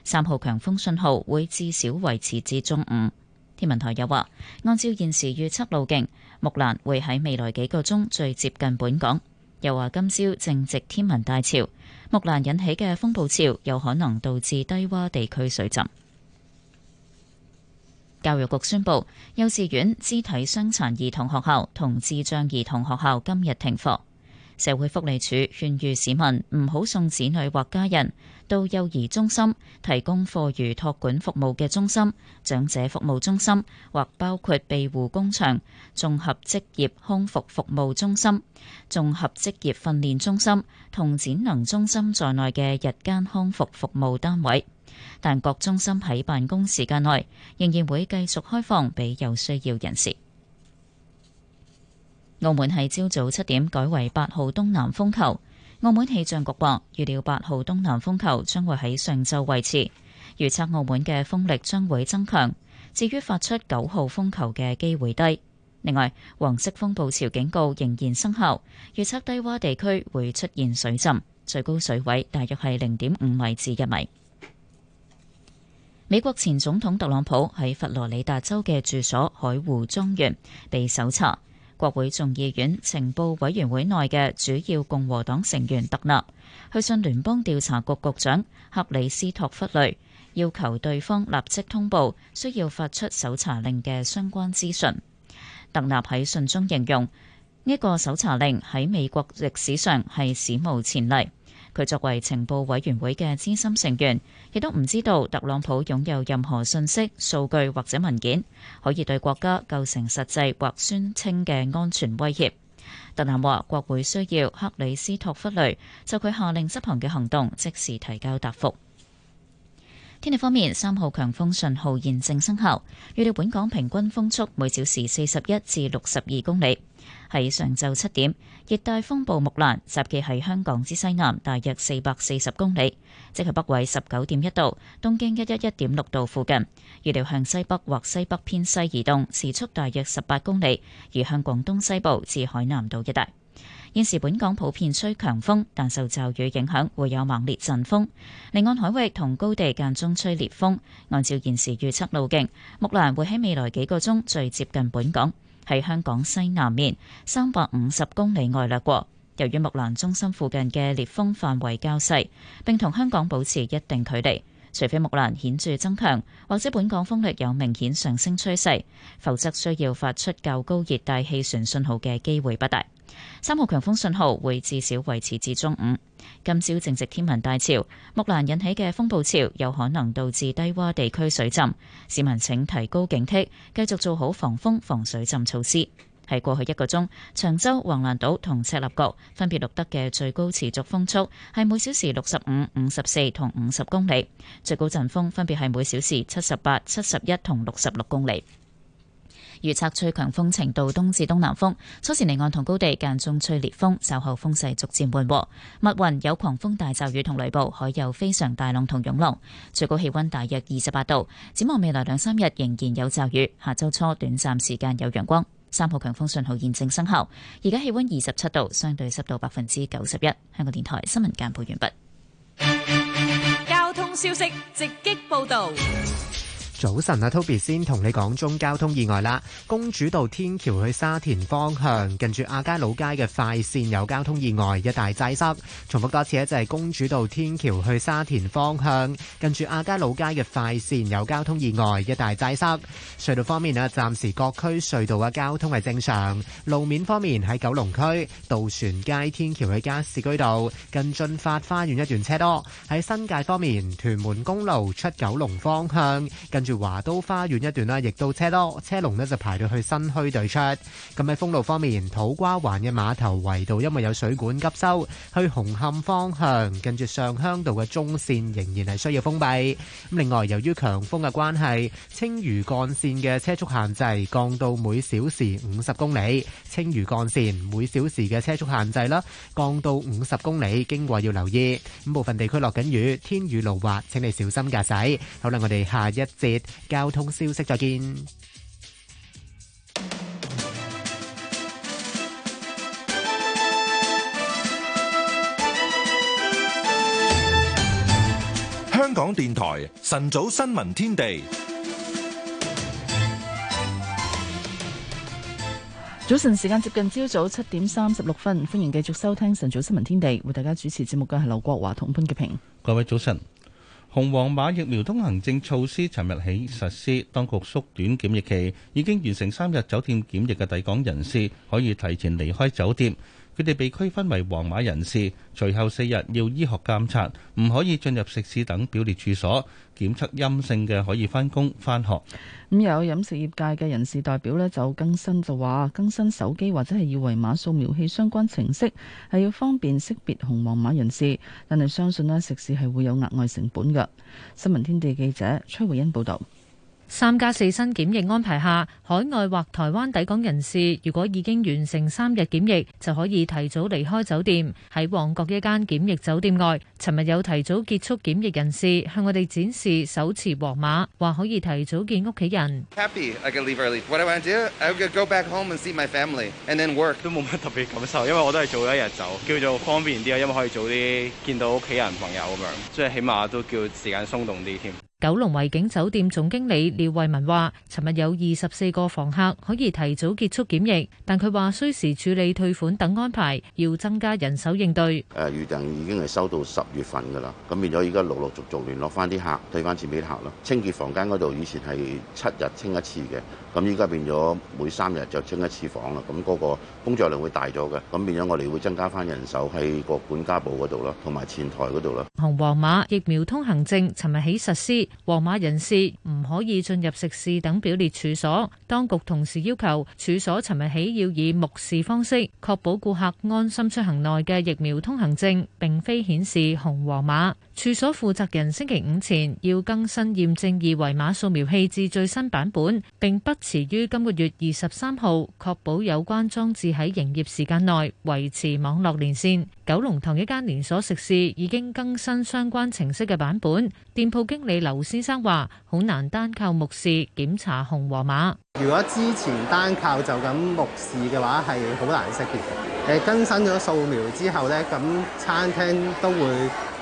三號強風信號會至少維持至中午。天文台又話，按照現時預測路徑，木蘭會喺未來幾個鐘最接近本港。又話今朝正值天文大潮，木蘭引起嘅風暴潮有可能導致低洼地區水浸。教育局宣布，幼稚園、肢體傷殘兒童學校同智障兒童學校今日停課。社會福利署勸喻市民唔好送子女或家人到幼兒中心提供課餘託管服務嘅中心、長者服務中心或包括庇護工場、綜合職業康復服務中心、綜合職業訓練中心同展能中心在內嘅日間康復服務單位，但各中心喺辦公時間內仍然會繼續開放俾有需要人士。澳門喺朝早七點改為八號東南風球。澳門氣象局話，預料八號東南風球將會喺上晝維持，預測澳門嘅風力將會增強。至於發出九號風球嘅機會低。另外，黃色風暴潮警告仍然生效，預測低窪地區會出現水浸，最高水位大約係零點五米至一米。美國前總統特朗普喺佛羅里達州嘅住所海湖莊園被搜查。國會眾議院情報委員會內嘅主要共和黨成員特納，去信聯邦調查局局長克里斯托弗雷，要求對方立即通報需要發出搜查令嘅相關資訊。特納喺信中形容呢個搜查令喺美國歷史上係史無前例。佢作為情報委員會嘅資深成員，亦都唔知道特朗普擁有任何信息、數據或者文件，可以對國家構成實際或宣稱嘅安全威脅。特南話：國會需要克里斯托弗雷就佢下令執行嘅行動，即時提交答覆。天氣方面，三號強風信號現正生效，預料本港平均風速每小時四十一至六十二公里。喺上晝七點，熱帶風暴木蘭集結喺香港之西南，大約四百四十公里，即係北緯十九點一度、東經一一一點六度附近。預料向西北或西北偏西移動，時速大約十八公里，而向廣東西部至海南島一帶。現時本港普遍吹強風，但受驟雨影響，會有猛烈陣風。離岸海域同高地間中吹烈風。按照現時預測路徑，木蘭會喺未來幾個鐘最接近本港，喺香港西南面三百五十公里外掠過，由於木蘭中心附近嘅烈風範圍較細，並同香港保持一定距離，除非木蘭顯著增強，或者本港風力有明顯上升趨勢，否則需要發出較高熱帶氣旋信號嘅機會不大。三號強風信號會至少維持至中午。今朝正值天文大潮，木蘭引起嘅風暴潮有可能導致低窪地區水浸，市民請提高警惕，繼續做好防風防水浸措施。喺過去一個鐘，長洲、橫瀾島同赤鱲角分別錄得嘅最高持續風速係每小時六十五、五十四同五十公里，最高陣風分別係每小時七十八、七十一同六十六公里。預測吹強風程度東至東南風，初時離岸同高地間中吹烈風，稍後風勢逐漸緩和。密雲有狂風大驟雨同雷暴，海有非常大浪同湧浪。最高氣溫大約二十八度。展望未來兩三日仍然有驟雨，下週初短暫時間有陽光。三號強風信號現正生效。而家氣溫二十七度，相對濕度百分之九十一。香港電台新聞簡報完畢。交通消息直擊報道。早晨啊，Toby 先同你講中交通意外啦。公主道天橋去沙田方向，近住亞皆老街嘅快線有交通意外，一帶擠塞。重複多次咧，就係公主道天橋去沙田方向，近住亞皆老街嘅快線有交通意外，一帶擠塞。隧道方面啊，暫時各區隧道嘅交通係正常。路面方面喺九龍區，渡船街天橋去加士居道近駿發花園一段車多。喺新界方面，屯門公路出九龍方向近住。華都花園一段咧，亦都車多車龍咧，就排到去新墟對出。咁喺封路方面，土瓜灣嘅馬頭圍道因為有水管急修，去紅磡方向，跟住上鄉道嘅中線仍然係需要封閉。咁另外，由於強風嘅關係，青嶼幹綫嘅車速限制降到每小時五十公里。青嶼幹綫每小時嘅車速限制啦，降到五十公里，經過要留意。咁部分地區落緊雨，天雨路滑，請你小心駕駛。好啦，我哋下一節。交通消息，再見。香港電台晨早新聞天地。早晨時間接近朝早七點三十六分，歡迎繼續收聽晨早新聞天地。為大家主持節目嘅係劉國華同潘潔平。各位早晨。紅黃碼疫苗通行證措施，尋日起實施，當局縮短檢疫期，已經完成三日酒店檢疫嘅抵港人士，可以提前離開酒店。佢哋被區分為黃碼人士，隨後四日要醫學監察，唔可以進入食肆等表列處所。檢測陰性嘅可以翻工翻學。咁、嗯、有飲食業界嘅人士代表咧，就更新就話更新手機或者係二維碼掃描器相關程式，係要方便識別紅黃碼人士，但係相信咧食肆係會有額外成本嘅。新聞天地記者崔慧欣報道。三加四新檢疫安排下，海外或台灣抵港人士如果已經完成三日檢疫，就可以提早離開酒店。喺旺角嘅一間檢疫酒店外，尋日有提早結束檢疫人士向我哋展示手持黃碼，話可以提早見屋企人。Happy, I can leave early. What I want to do, I can go back home and see my family, and then work。都冇乜特別感受，因為我都係做咗一日走，叫做方便啲啊，因為可以早啲見到屋企人朋友咁樣，所以起碼都叫時間鬆動啲添。九龍維景酒店總經理廖慧文話，尋日有二十四個房客可以提早結束檢疫，但佢話需時處理退款等安排，要增加人手應對。誒，預訂已經係收到十月份噶啦，咁變咗而家陸陸續續聯絡翻啲客，退翻錢俾客咯。清潔房間嗰度以前係七日清一次嘅，咁依家變咗每三日就清一次房啦。咁嗰個工作量會大咗嘅，咁變咗我哋會增加翻人手喺個管家部嗰度咯，同埋前台嗰度咯。紅黃碼疫苗通行證尋日起實施。黃碼人士唔可以進入食肆等表列處所，當局同時要求處所尋日起要以目視方式確保顧客安心出行內嘅疫苗通行證並非顯示紅黃碼。處所負責人星期五前要更新驗證二維碼掃描器至最新版本，並不遲於今個月二十三號確保有關裝置喺營業時間內維持網絡連線。九龍塘一間連鎖食肆已經更新相關程式嘅版本。店鋪經理劉先生話，好難單靠目視檢查紅和碼。如果之前單靠就咁目視嘅話，係好難識別。誒，更新咗掃描之後呢，咁餐廳都會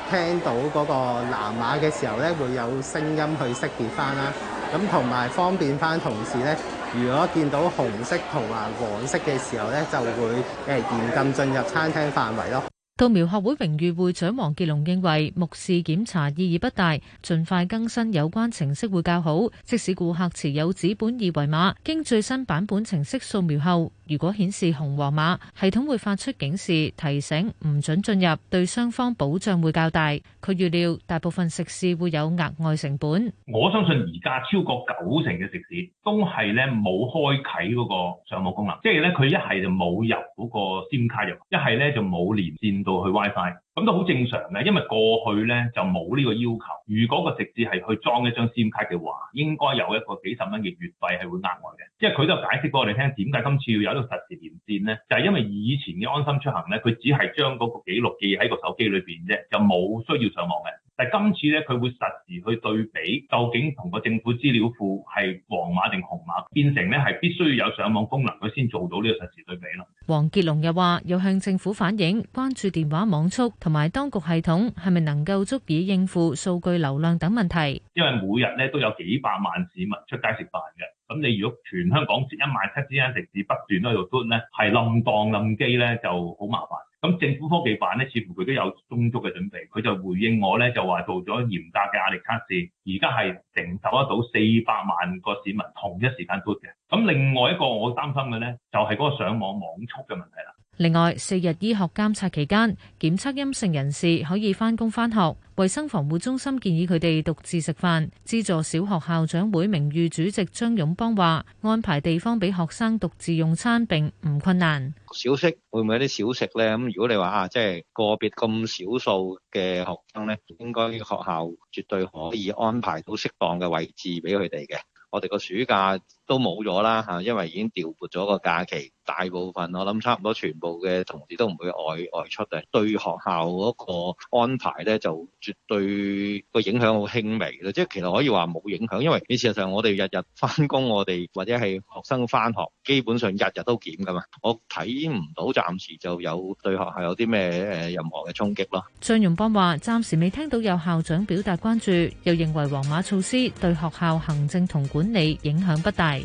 聽到嗰個藍碼嘅時候呢，會有聲音去識別翻啦。咁同埋方便翻同事呢，如果見到紅色同埋黃色嘅時候呢，就會誒嚴禁進入餐廳範圍咯。掃描學會榮譽會長王杰龍認為目視檢查意義不大，盡快更新有關程式會較好。即使顧客持有紙本二維碼，經最新版本程式掃描後，如果顯示紅黃碼，系統會發出警示提醒，唔準進入，對雙方保障會較大。佢預料大部分食肆會有額外成本。我相信而家超過九成嘅食肆都係咧冇開啓嗰個上網功能，即係咧佢一係就冇入嗰個 SIM 卡入，一係咧就冇連線到去 WiFi。咁都好正常嘅，因為過去咧就冇呢個要求。如果個直接係去裝一張 SIM 卡嘅話，應該有一個幾十蚊嘅月費係會額外嘅。即係佢都解釋俾我哋聽，點解今次要有呢個實時連線咧？就係、是、因為以前嘅安心出行咧，佢只係將嗰個記錄記喺個手機裏邊啫，就冇需要上網嘅。但今次咧，佢會實時去對比，究竟同個政府資料庫係黃碼定紅碼，變成咧係必須要有上網功能，佢先做到呢個實時對比咯。黃傑龍又話，要向政府反映，關注電話網速同埋當局系統係咪能夠足以應付數據流量等問題。因為每日咧都有幾百萬市民出街食飯嘅，咁你如果全香港一萬七千間食肆不斷喺度 turn 咧，係冧檔冧機咧就好麻煩。咁政府科技辦咧，似乎佢都有充足嘅準備，佢就回應我咧，就話做咗嚴格嘅壓力測試，而家係承受得到四百萬個市民同一時間 put 嘅。咁另外一個我擔心嘅咧，就係、是、嗰個上網網速嘅問題啦。另外，四日醫學監察期間，檢測陰性人士可以返工返學。衛生防護中心建議佢哋獨自食飯。資助小學校長會名譽主席張勇邦話：安排地方俾學生獨自用餐並唔困難。小食會唔會有啲小食呢？咁如果你話啊，即係個別咁少數嘅學生呢，應該學校絕對可以安排到適當嘅位置俾佢哋嘅。我哋個暑假，都冇咗啦吓，因為已經調撥咗個假期，大部分我諗差唔多全部嘅同事都唔會外外出嘅，對學校嗰個安排咧就絕對個影響好輕微嘅，即係其實可以話冇影響，因為你事實上我哋日日翻工，我哋或者係學生翻學基本上日日都檢噶嘛，我睇唔到暫時就有對學校有啲咩誒任何嘅衝擊咯。張容邦話暫時未聽到有校長表達關注，又認為黃碼措施對學校行政同管理影響不大。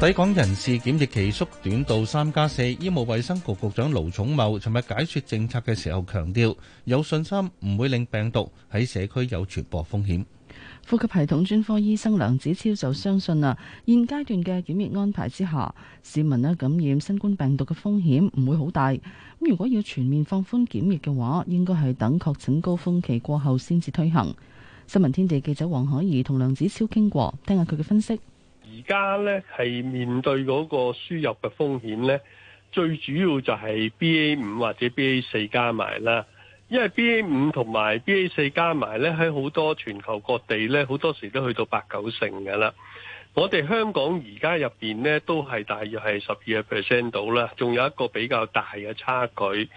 抵港人士檢疫期縮短到三加四，醫務衛生局局長盧寵茂尋日解説政策嘅時候強調，有信心唔會令病毒喺社區有傳播風險。呼吸系統專科醫生梁子超就相信啊，現階段嘅檢疫安排之下，市民呢，感染新冠病毒嘅風險唔會好大。咁如果要全面放寬檢疫嘅話，應該係等確診高峰期過後先至推行。新聞天地記者黃海怡同梁子超傾過，聽下佢嘅分析。而家呢係面對嗰個輸入嘅風險呢，最主要就係 BA 五或者 BA 四加埋啦。因為 B A 五同埋 B A 四加埋咧，喺好多全球各地咧，好多時都去到八九成㗎啦。我哋香港而家入邊咧，都係大約係十二個 percent 度啦，仲有一個比較大嘅差距。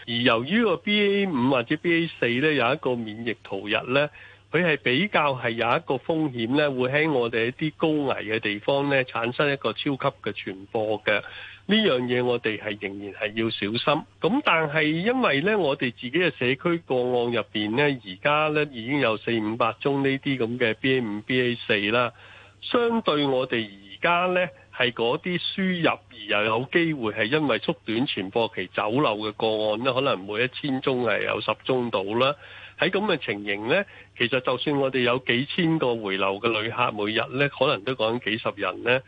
而由於個 B A 五或者 B A 四咧有一個免疫逃逸咧，佢係比較係有一個風險咧，會喺我哋一啲高危嘅地方咧產生一個超級嘅傳播嘅。呢樣嘢我哋係仍然係要小心。咁但係因為呢，我哋自己嘅社區個案入邊呢，而家呢已經有四五百宗呢啲咁嘅 BA 五、BA 四啦。相對我哋而家呢，係嗰啲輸入而又有機會係因為縮短傳播期走漏嘅個案呢，可能每一千宗係有十宗到啦。喺咁嘅情形呢，其實就算我哋有幾千個回流嘅旅客每，每日呢可能都講緊幾十人呢。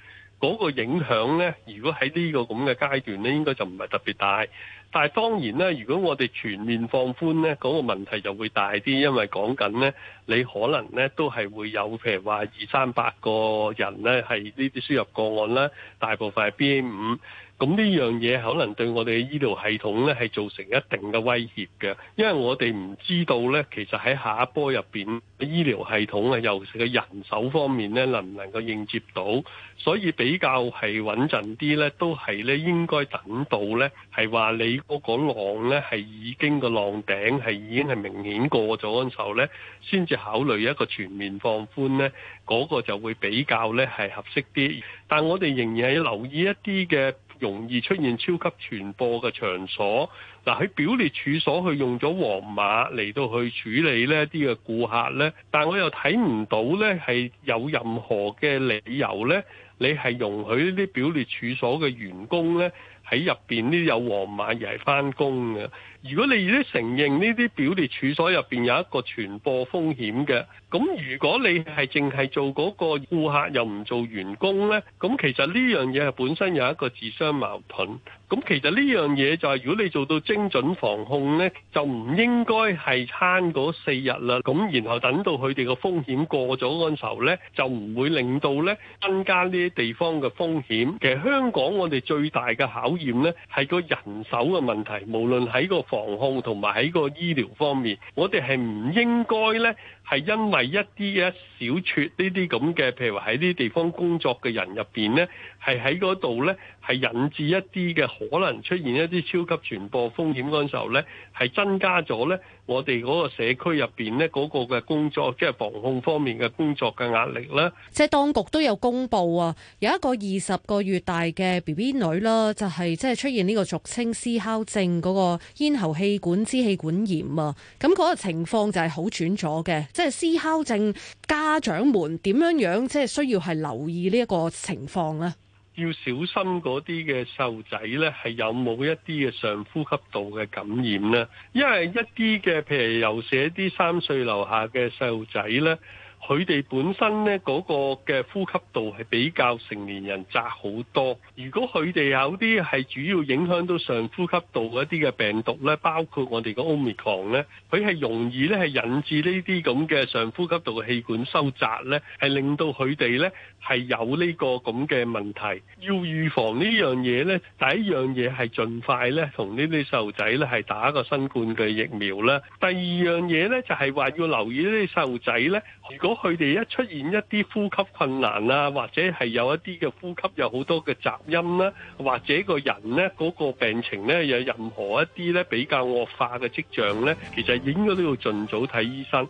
嗰個影響呢，如果喺呢個咁嘅階段呢，應該就唔係特別大。但係當然咧，如果我哋全面放寬呢，嗰個問題就會大啲，因為講緊呢，你可能呢都係會有，譬如話二三百個人呢，係呢啲輸入個案啦，大部分係 B A 五。咁呢樣嘢可能對我哋嘅醫療系統呢係造成一定嘅威脅嘅，因為我哋唔知道呢。其實喺下一波入邊，醫療系統啊，尤其係人手方面呢，能唔能夠應接到？所以比較係穩陣啲呢，都係呢應該等到呢，係話你嗰個浪呢係已經個浪頂係已經係明顯過咗嗰陣時候呢，先至考慮一個全面放寬呢。嗰個就會比較呢係合適啲。但我哋仍然係留意一啲嘅，容易出現超級傳播嘅場所，嗱，喺表列處所去用咗黃碼嚟到去處理呢啲嘅顧客呢，但我又睇唔到呢係有任何嘅理由呢，你係容許呢啲表列處所嘅員工呢。喺入邊呢啲有黃碼而係翻工嘅，如果你已經承認呢啲表列處所入邊有一個傳播風險嘅，咁如果你係淨係做嗰個顧客又唔做員工咧，咁其實呢樣嘢係本身有一個自相矛盾。咁其實呢樣嘢就係如果你做到精準防控咧，就唔應該係慳嗰四日啦。咁然後等到佢哋嘅風險過咗嗰陣時候咧，就唔會令到咧增加呢啲地方嘅風險。其實香港我哋最大嘅考污染咧，係個人手嘅問題。無論喺個防控同埋喺個醫療方面，我哋係唔應該咧，係因為一啲一小撮呢啲咁嘅，譬如話喺呢啲地方工作嘅人入邊咧，係喺嗰度咧。係引致一啲嘅可能出現一啲超級傳播風險嗰陣時候咧，係增加咗咧我哋嗰個社區入邊呢嗰個嘅工作，即係防控方面嘅工作嘅壓力啦。即係當局都有公布啊，有一個二十個月大嘅 BB 女啦，就係即係出現呢個俗稱絲烤症嗰個咽喉氣管支氣管炎啊。咁嗰個情況就係好轉咗嘅。即係絲烤症家長們點樣樣即係需要係留意呢一個情況啊。要小心嗰啲嘅細路仔咧，係有冇一啲嘅上呼吸道嘅感染咧？因為一啲嘅，譬如又寫啲三歲樓下嘅細路仔咧。佢哋本身咧，嗰個嘅呼吸道係比較成年人窄好多。如果佢哋有啲係主要影響到上呼吸道一啲嘅病毒咧，包括我哋個 omicron 咧，佢係容易咧係引致呢啲咁嘅上呼吸道嘅氣管收窄咧，係令到佢哋咧係有呢個咁嘅問題。要預防呢樣嘢咧，第一樣嘢係盡快咧同呢啲細路仔咧係打個新冠嘅疫苗啦。第二樣嘢咧就係話要留意呢啲細路仔咧，如果如果佢哋一出現一啲呼吸困難啊，或者係有一啲嘅呼吸有好多嘅雜音咧，或者個人呢嗰個病情呢有任何一啲呢比較惡化嘅跡象咧，其實應該都要盡早睇醫生。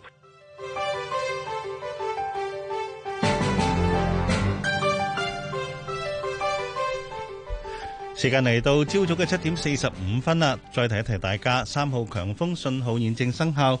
時間嚟到朝早嘅七點四十五分啦，再提一提大家三號強風信號現正生效。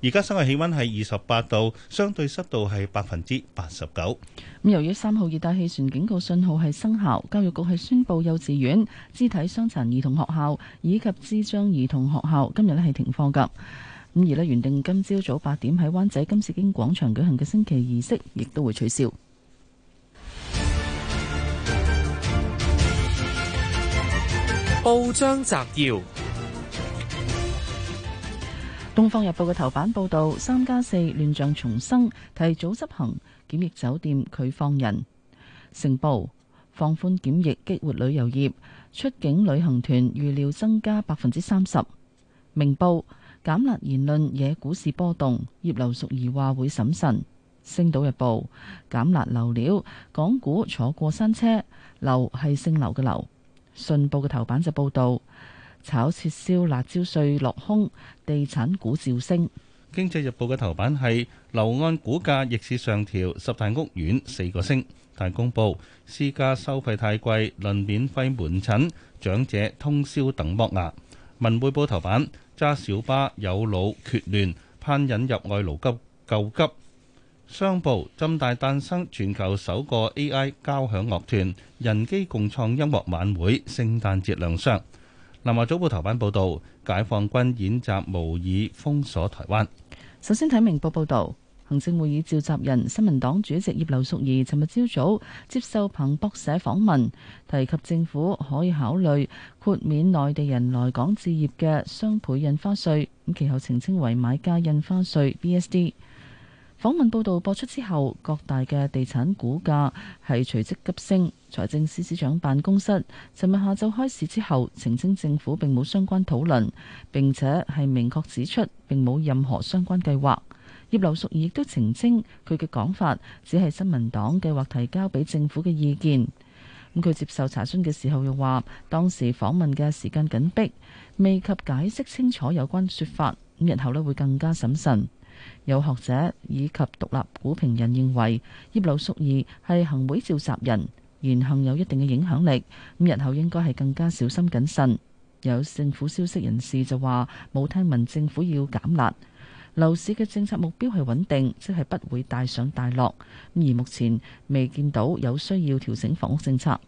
而家室外氣溫係二十八度，相對濕度係百分之八十九。咁、嗯、由於三號熱帶氣旋警告信號係生效，教育局係宣布幼稚園、肢體傷殘兒童學校以及智障兒童學校今日呢係停課㗎。咁、嗯、而呢原定今朝早八點喺灣仔金紫荊廣場舉行嘅升旗儀式，亦都會取消。報章摘要。《東方日報》嘅頭版報道：三加四亂象叢生，提早執行檢疫酒店拒放人。《成報》放寬檢疫激活旅遊業，出境旅行團預料增加百分之三十。《明報》減辣言論惹股市波動，葉劉淑儀話會審慎。《星島日報》減辣流料，港股坐過山車。流係姓劉嘅流。《信報》嘅頭版就報道。炒撤銷辣椒稅落空，地產股照升。經濟日報嘅頭版係樓按股價逆市上調，十大屋苑四個升。大公報私家收費太貴，論免費門診，長者通宵等剝牙。文匯報頭版揸小巴有老缺亂，盼引入外勞急救急。商報浸大誕生全球首個 AI 交響樂團，人機共創音樂晚會，聖誕節亮相。《南華早報》頭版報道，解放軍演習模擬封鎖台灣。首先睇明報報道，行政會議召集人、新民黨主席葉劉淑儀，尋日朝早接受彭博社訪問，提及政府可以考慮豁免內地人來港置業嘅雙倍印花稅，咁其後澄清為買家印花稅 （BSD）。訪問報道播出之後，各大嘅地產股價係隨即急升。財政司司長辦公室尋日下晝開始之後，澄清政府並冇相關討論，並且係明確指出並冇任何相關計劃。葉劉淑儀亦都澄清佢嘅講法只係新民黨計劃提交俾政府嘅意見。咁佢接受查詢嘅時候又話，當時訪問嘅時間緊迫，未及解釋清楚有關說法。咁日後咧會更加審慎。有學者以及獨立股評人認為，葉劉淑儀係行會召集人，言行有一定嘅影響力，咁日後應該係更加小心謹慎。有政府消息人士就話，冇聽聞政府要減辣，樓市嘅政策目標係穩定，即係不會大上大落。咁而目前未見到有需要調整房屋政策。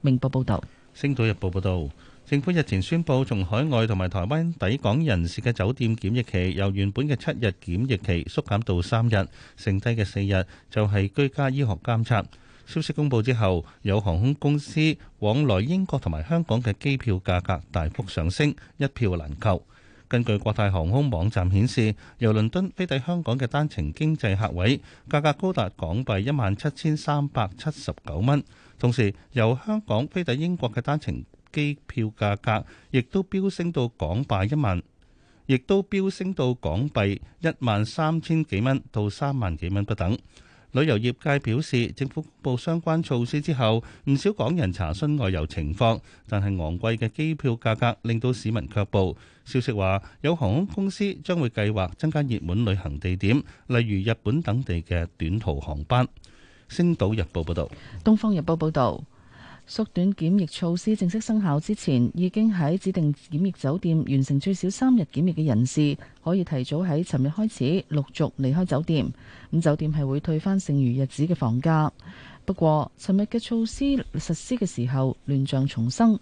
明報報導，《星島日報》報導，政府日前宣布，從海外同埋台灣抵港人士嘅酒店檢疫期，由原本嘅七日檢疫期縮減到三日，剩低嘅四日就係居家醫學監察。消息公布之後，有航空公司往來英國同埋香港嘅機票價格大幅上升，一票難求。根據國泰航空網站顯示，由倫敦飛抵香港嘅單程經濟客位價格高達港幣一萬七千三百七十九蚊，同時由香港飛抵英國嘅單程機票價格亦都飆升到港幣一萬，亦都飆升到港幣一萬三千幾蚊到三萬幾蚊不等。旅遊業界表示，政府公布相關措施之後，唔少港人查詢外遊情況，但係昂貴嘅機票價格令到市民卻步。消息話，有航空公司將會計劃增加熱門旅行地點，例如日本等地嘅短途航班。星島日報報道。東方日報報導。縮短檢疫措施正式生效之前，已經喺指定檢疫酒店完成最少三日檢疫嘅人士，可以提早喺尋日開始陸續離開酒店。咁酒店係會退翻剩餘日子嘅房價。不過尋日嘅措施實施嘅時候，亂象叢生，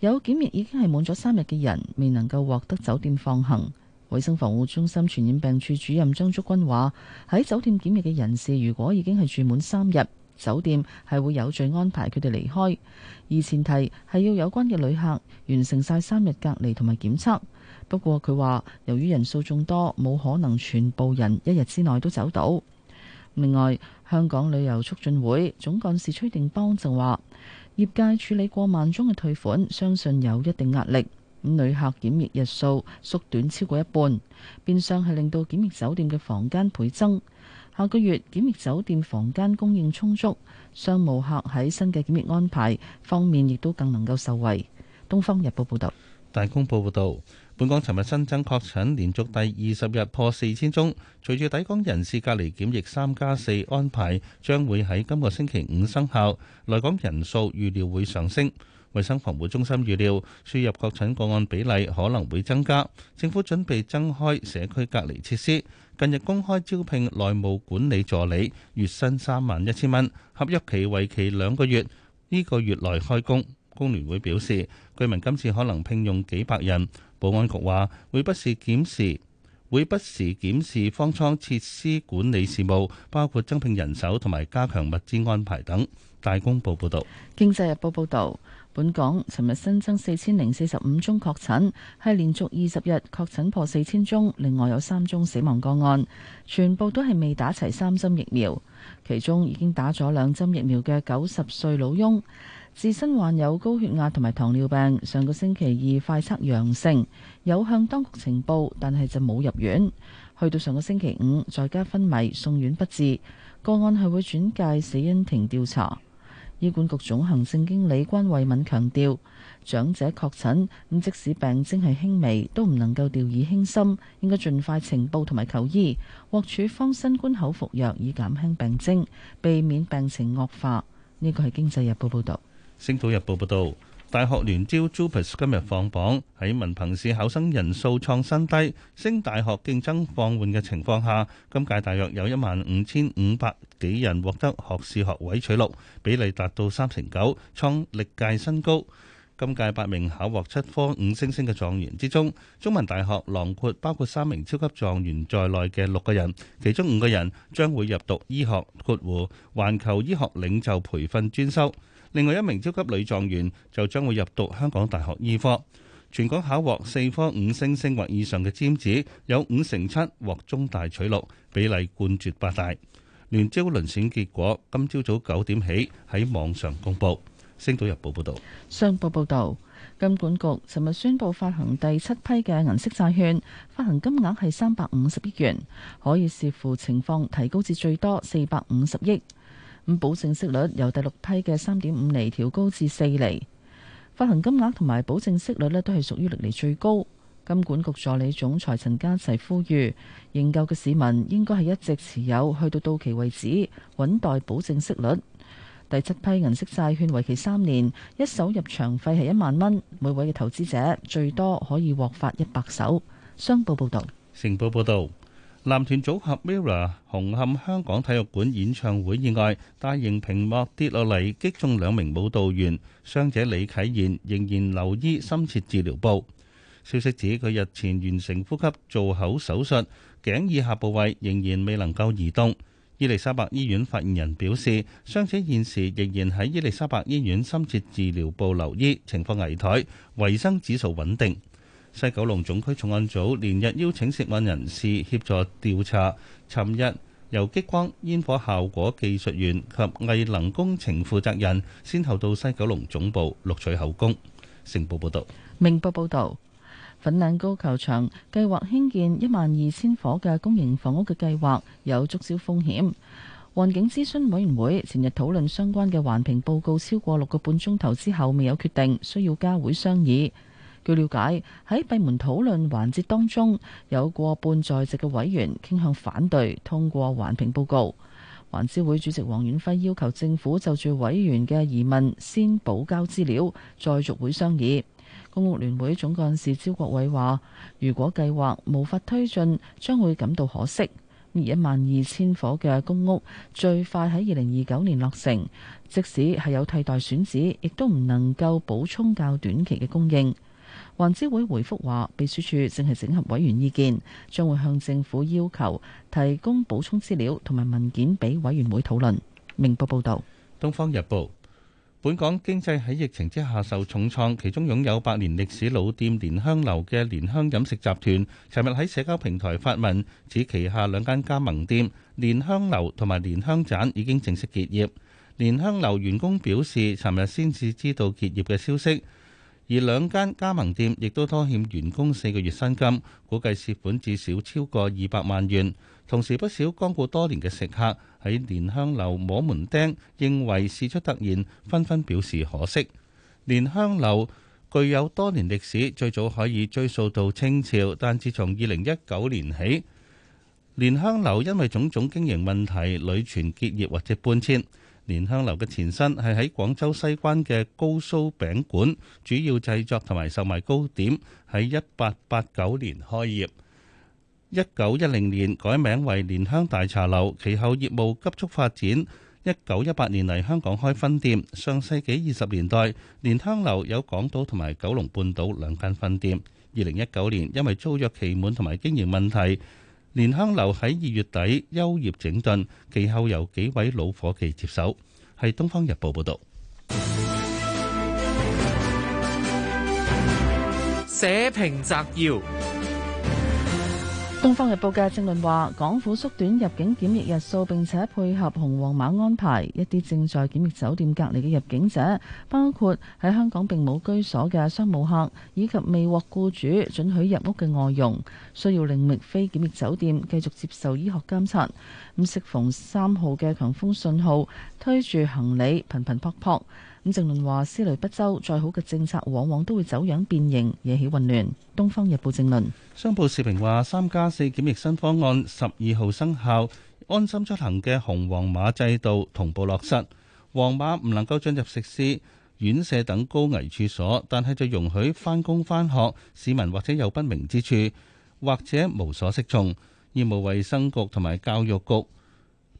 有檢疫已經係滿咗三日嘅人未能夠獲得酒店放行。衛生防護中心傳染病處主任張竹君話：喺酒店檢疫嘅人士如果已經係住滿三日。酒店係會有序安排佢哋離開，而前提係要有關嘅旅客完成晒三日隔離同埋檢測。不過佢話，由於人數眾多，冇可能全部人一日之內都走到。另外，香港旅遊促進會總幹事崔定邦就話，業界處理過萬宗嘅退款，相信有一定壓力。咁旅客檢疫日數縮短超過一半，變相係令到檢疫酒店嘅房間倍增。下個月檢疫酒店房間供應充足，商務客喺新嘅檢疫安排方面亦都更能夠受惠。《東方日報》報道，大公報報道，本港尋日新增確診連續第二十日破四千宗，隨住抵港人士隔離檢疫三加四安排將會喺今個星期五生效，來港人數預料會上升。衛生防護中心預料輸入確診個案比例可能會增加，政府準備增開社區隔離設施。近日公開招聘內務管理助理，月薪三萬一千蚊，合約期為期兩個月，呢個月內開工。工聯會表示，據聞今次可能聘用幾百人。保安局話會不時檢視會不時檢視方艙設施管理事務，包括增聘人手同埋加強物資安排等。大公報報道，經濟日報報道。本港尋日新增四千零四十五宗確診，係連續二十日確診破四千宗。另外有三宗死亡個案，全部都係未打齊三針疫苗。其中已經打咗兩針疫苗嘅九十歲老翁，自身患有高血壓同埋糖尿病，上個星期二快測陽性，有向當局呈報，但係就冇入院。去到上個星期五，在家昏迷送院不治。個案係會轉介死因庭調查。醫管局總行政經理關慧敏強調，長者確診咁，即使病徵係輕微，都唔能夠掉以輕心，應該盡快呈報同埋求醫，獲處方新冠口服藥以減輕病徵，避免病情惡化。呢個係《經濟日報》報道，《星島日報》報道。大學聯招 JUPAS 今日放榜，喺文憑試考生人數創新低、升大學競爭放緩嘅情況下，今屆大約有一萬五千五百幾人獲得學士學位取錄，比例達到三成九，創歷屆新高。今屆八名考獲七科五星星嘅狀元之中，中文大學囊括包括三名超級狀元在內嘅六個人，其中五個人將會入讀醫學括弧環球醫學領袖培訓專修。另外一名超級女狀元就將會入讀香港大學醫科，全港考獲四科五星星或以上嘅尖子，有五成七獲中大取錄，比例冠絕八大。聯招遴選結果今朝早九點起喺網上公布。星島日報報道。商報報道，金管局尋日宣布發行第七批嘅銀色債券，發行金額係三百五十億元，可以視乎情況提高至最多四百五十億。咁保證息率由第六批嘅三點五厘調高至四厘，發行金額同埋保證息率呢都係屬於歷嚟最高。金管局助理總裁陳家齊呼籲，認購嘅市民應該係一直持有去到到期為止，穩待保證息率。第七批銀色債券為期三年，一手入場費係一萬蚊，每位嘅投資者最多可以獲發一百手。商報報道。成報報導。男團組合 MIRROR 紅磡香港體育館演唱會意外，大型屏幕跌落嚟擊中兩名舞蹈員，傷者李啟賢仍然留醫深切治療部。消息指佢日前完成呼吸造口手術，頸以下部位仍然未能夠移動。伊利沙伯醫院發言人表示，傷者現時仍然喺伊利沙伯醫院深切治療部留醫，情況危殆，維生指數穩定。西九龍總區重案組連日邀請涉案人士協助調查。尋日，由激光煙火效果技術員及藝能工程負責人，先後到西九龍總部錄取口供。成報報導，明報報導，粉嶺高球場計劃興建一萬二千伙嘅公營房屋嘅計劃有觸礁風險。環境諮詢委員會前日討論相關嘅環評報告，超過六個半鐘頭之後未有決定，需要加會商議。據了解，喺閉門討論環節當中，有過半在席嘅委員傾向反對通過環評報告。環諮會主席黃遠輝要求政府就住委員嘅疑問先補交資料，再續會商議。公屋聯會總幹事招國偉話，如果計劃無法推進，將會感到可惜。而一萬二千伙嘅公屋最快喺二零二九年落成，即使係有替代選址，亦都唔能夠補充較短期嘅供應。環知會回覆話，秘書處正係整合委員意見，將會向政府要求提供補充資料同埋文件俾委員會討論。明報報道，《東方日報》本港經濟喺疫情之下受重創，其中擁有百年歷史老店蓮香樓嘅蓮香飲食集團，尋日喺社交平台發文，指旗下兩間加盟店蓮香樓同埋蓮香棧已經正式結業。蓮香樓員工表示，尋日先至知道結業嘅消息。而兩間加盟店亦都拖欠員工四個月薪金，估計涉款至少超過二百萬元。同時，不少光顧多年嘅食客喺蓮香樓摸門釘，認為事出突然，紛紛表示可惜。蓮香樓具有多年歷史，最早可以追溯到清朝，但自從二零一九年起，蓮香樓因為種種經營問題，屢傳結業或者搬遷。蓮香樓嘅前身係喺廣州西關嘅高酥餅館，主要製作同埋售賣糕點，喺一八八九年開業。一九一零年改名為蓮香大茶樓，其後業務急速發展。一九一八年嚟香港開分店。上世紀二十年代，蓮香樓有港島同埋九龍半島兩間分店。二零一九年因為租約期滿同埋經營問題。蓮香樓喺二月底休業整頓，其後由幾位老伙計接手。係《東方日報》報道。社評摘要。東方日報嘅正論話，港府縮短入境檢疫日數，並且配合紅黃碼安排，一啲正在檢疫酒店隔離嘅入境者，包括喺香港並冇居所嘅商務客，以及未獲僱主准許入屋嘅外傭，需要另覓非檢疫酒店繼續接受醫學監察。咁適逢三號嘅強風信號，推住行李，頻頻撲撲。咁正論話思慮不周，再好嘅政策往往都會走樣變形，惹起混亂。東方日報正論，商報時評話三加四檢疫新方案十二號生效，安心出行嘅紅黃碼制度同步落實。黃碼唔能夠進入食肆、院舍等高危處所，但係就容許返工返學。市民或者有不明之處，或者無所適從。醫務衛生局同埋教育局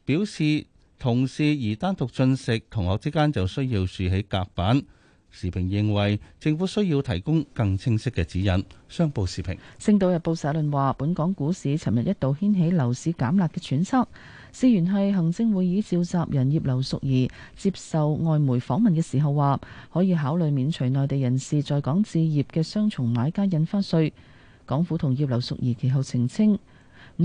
表示。同事而單獨進食，同學之間就需要豎起隔板。時評認為政府需要提供更清晰嘅指引。商報時評，星島日報社論話本港股市尋日一度掀起樓市減辣嘅揣測，事源係行政會議召集人葉劉淑儀接受外媒訪問嘅時候話可以考慮免除內地人士在港置業嘅雙重買家印花稅。港府同葉劉淑儀其後澄清。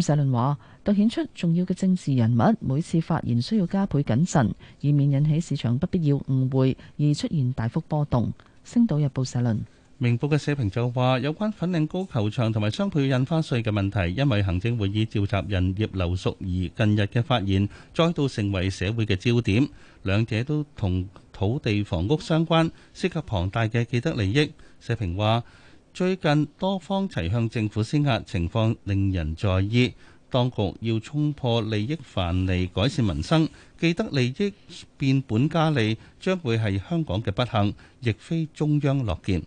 社論話：突顯出重要嘅政治人物每次發言需要加倍謹慎，以免引起市場不必要誤會而出現大幅波動。星島日報社論。明報嘅社評就話：有關粉嶺高球場同埋雙倍印花稅嘅問題，因為行政會議召集人葉劉淑儀近日嘅發言，再度成為社會嘅焦點。兩者都同土地房屋相關，涉及龐大嘅既得利益。社評話。最近多方齊向政府施壓，情況令人在意。當局要衝破利益藩籬，改善民生。既得利益變本加厲，將會係香港嘅不幸，亦非中央樂見。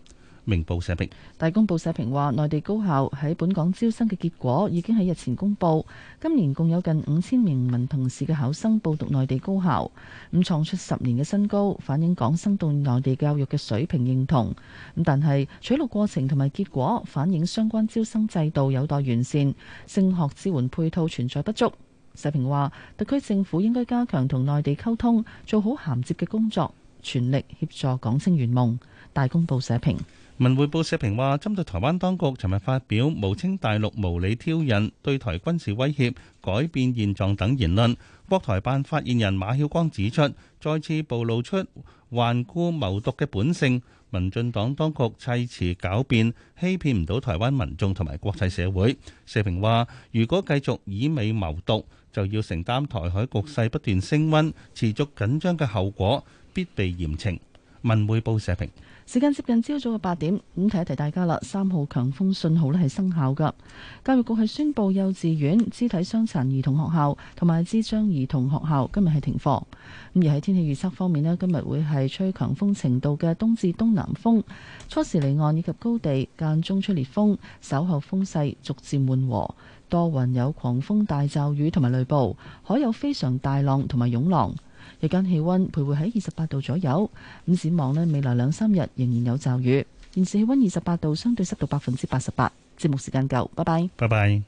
明報社評大公報社評話，內地高校喺本港招生嘅結果已經喺日前公布。今年共有近五千名文憑試嘅考生報讀內地高校，咁創出十年嘅新高，反映港生對內地教育嘅水平認同。咁但係取錄過程同埋結果反映相關招生制度有待完善，升學支援配套存在不足。社評話，特區政府應該加強同內地溝通，做好銜接嘅工作，全力協助港青圓夢。大公報社評。文匯報社評話，針對台灣當局尋日發表誣稱大陸無理挑釁、對台軍事威脅、改變現狀等言論，國台辦發言人馬曉光指出，再次暴露出頑固謀獨嘅本性。民進黨當局砌詞狡辯，欺騙唔到台灣民眾同埋國際社會。社評話，如果繼續以美謀獨，就要承擔台海局勢不斷升温、持續緊張嘅後果，必被嚴懲。文匯報社評。時間接近朝早嘅八點，咁提一提大家啦。三號強風信號咧係生效噶教育局係宣布幼稚園、肢體傷殘兒童學校同埋智障兒童學校今日係停課。咁而喺天氣預測方面呢，今日會係吹強風程度嘅東至東南風，初時離岸以及高地間中吹烈風，稍後風勢逐漸緩和，多雲有狂風大驟雨同埋雷暴，海有非常大浪同埋湧浪。日間氣溫徘徊喺二十八度左右，咁展望咧，未來兩三日仍然有驟雨。現時氣溫二十八度，相對濕度百分之八十八。節目時間夠，拜拜。拜拜。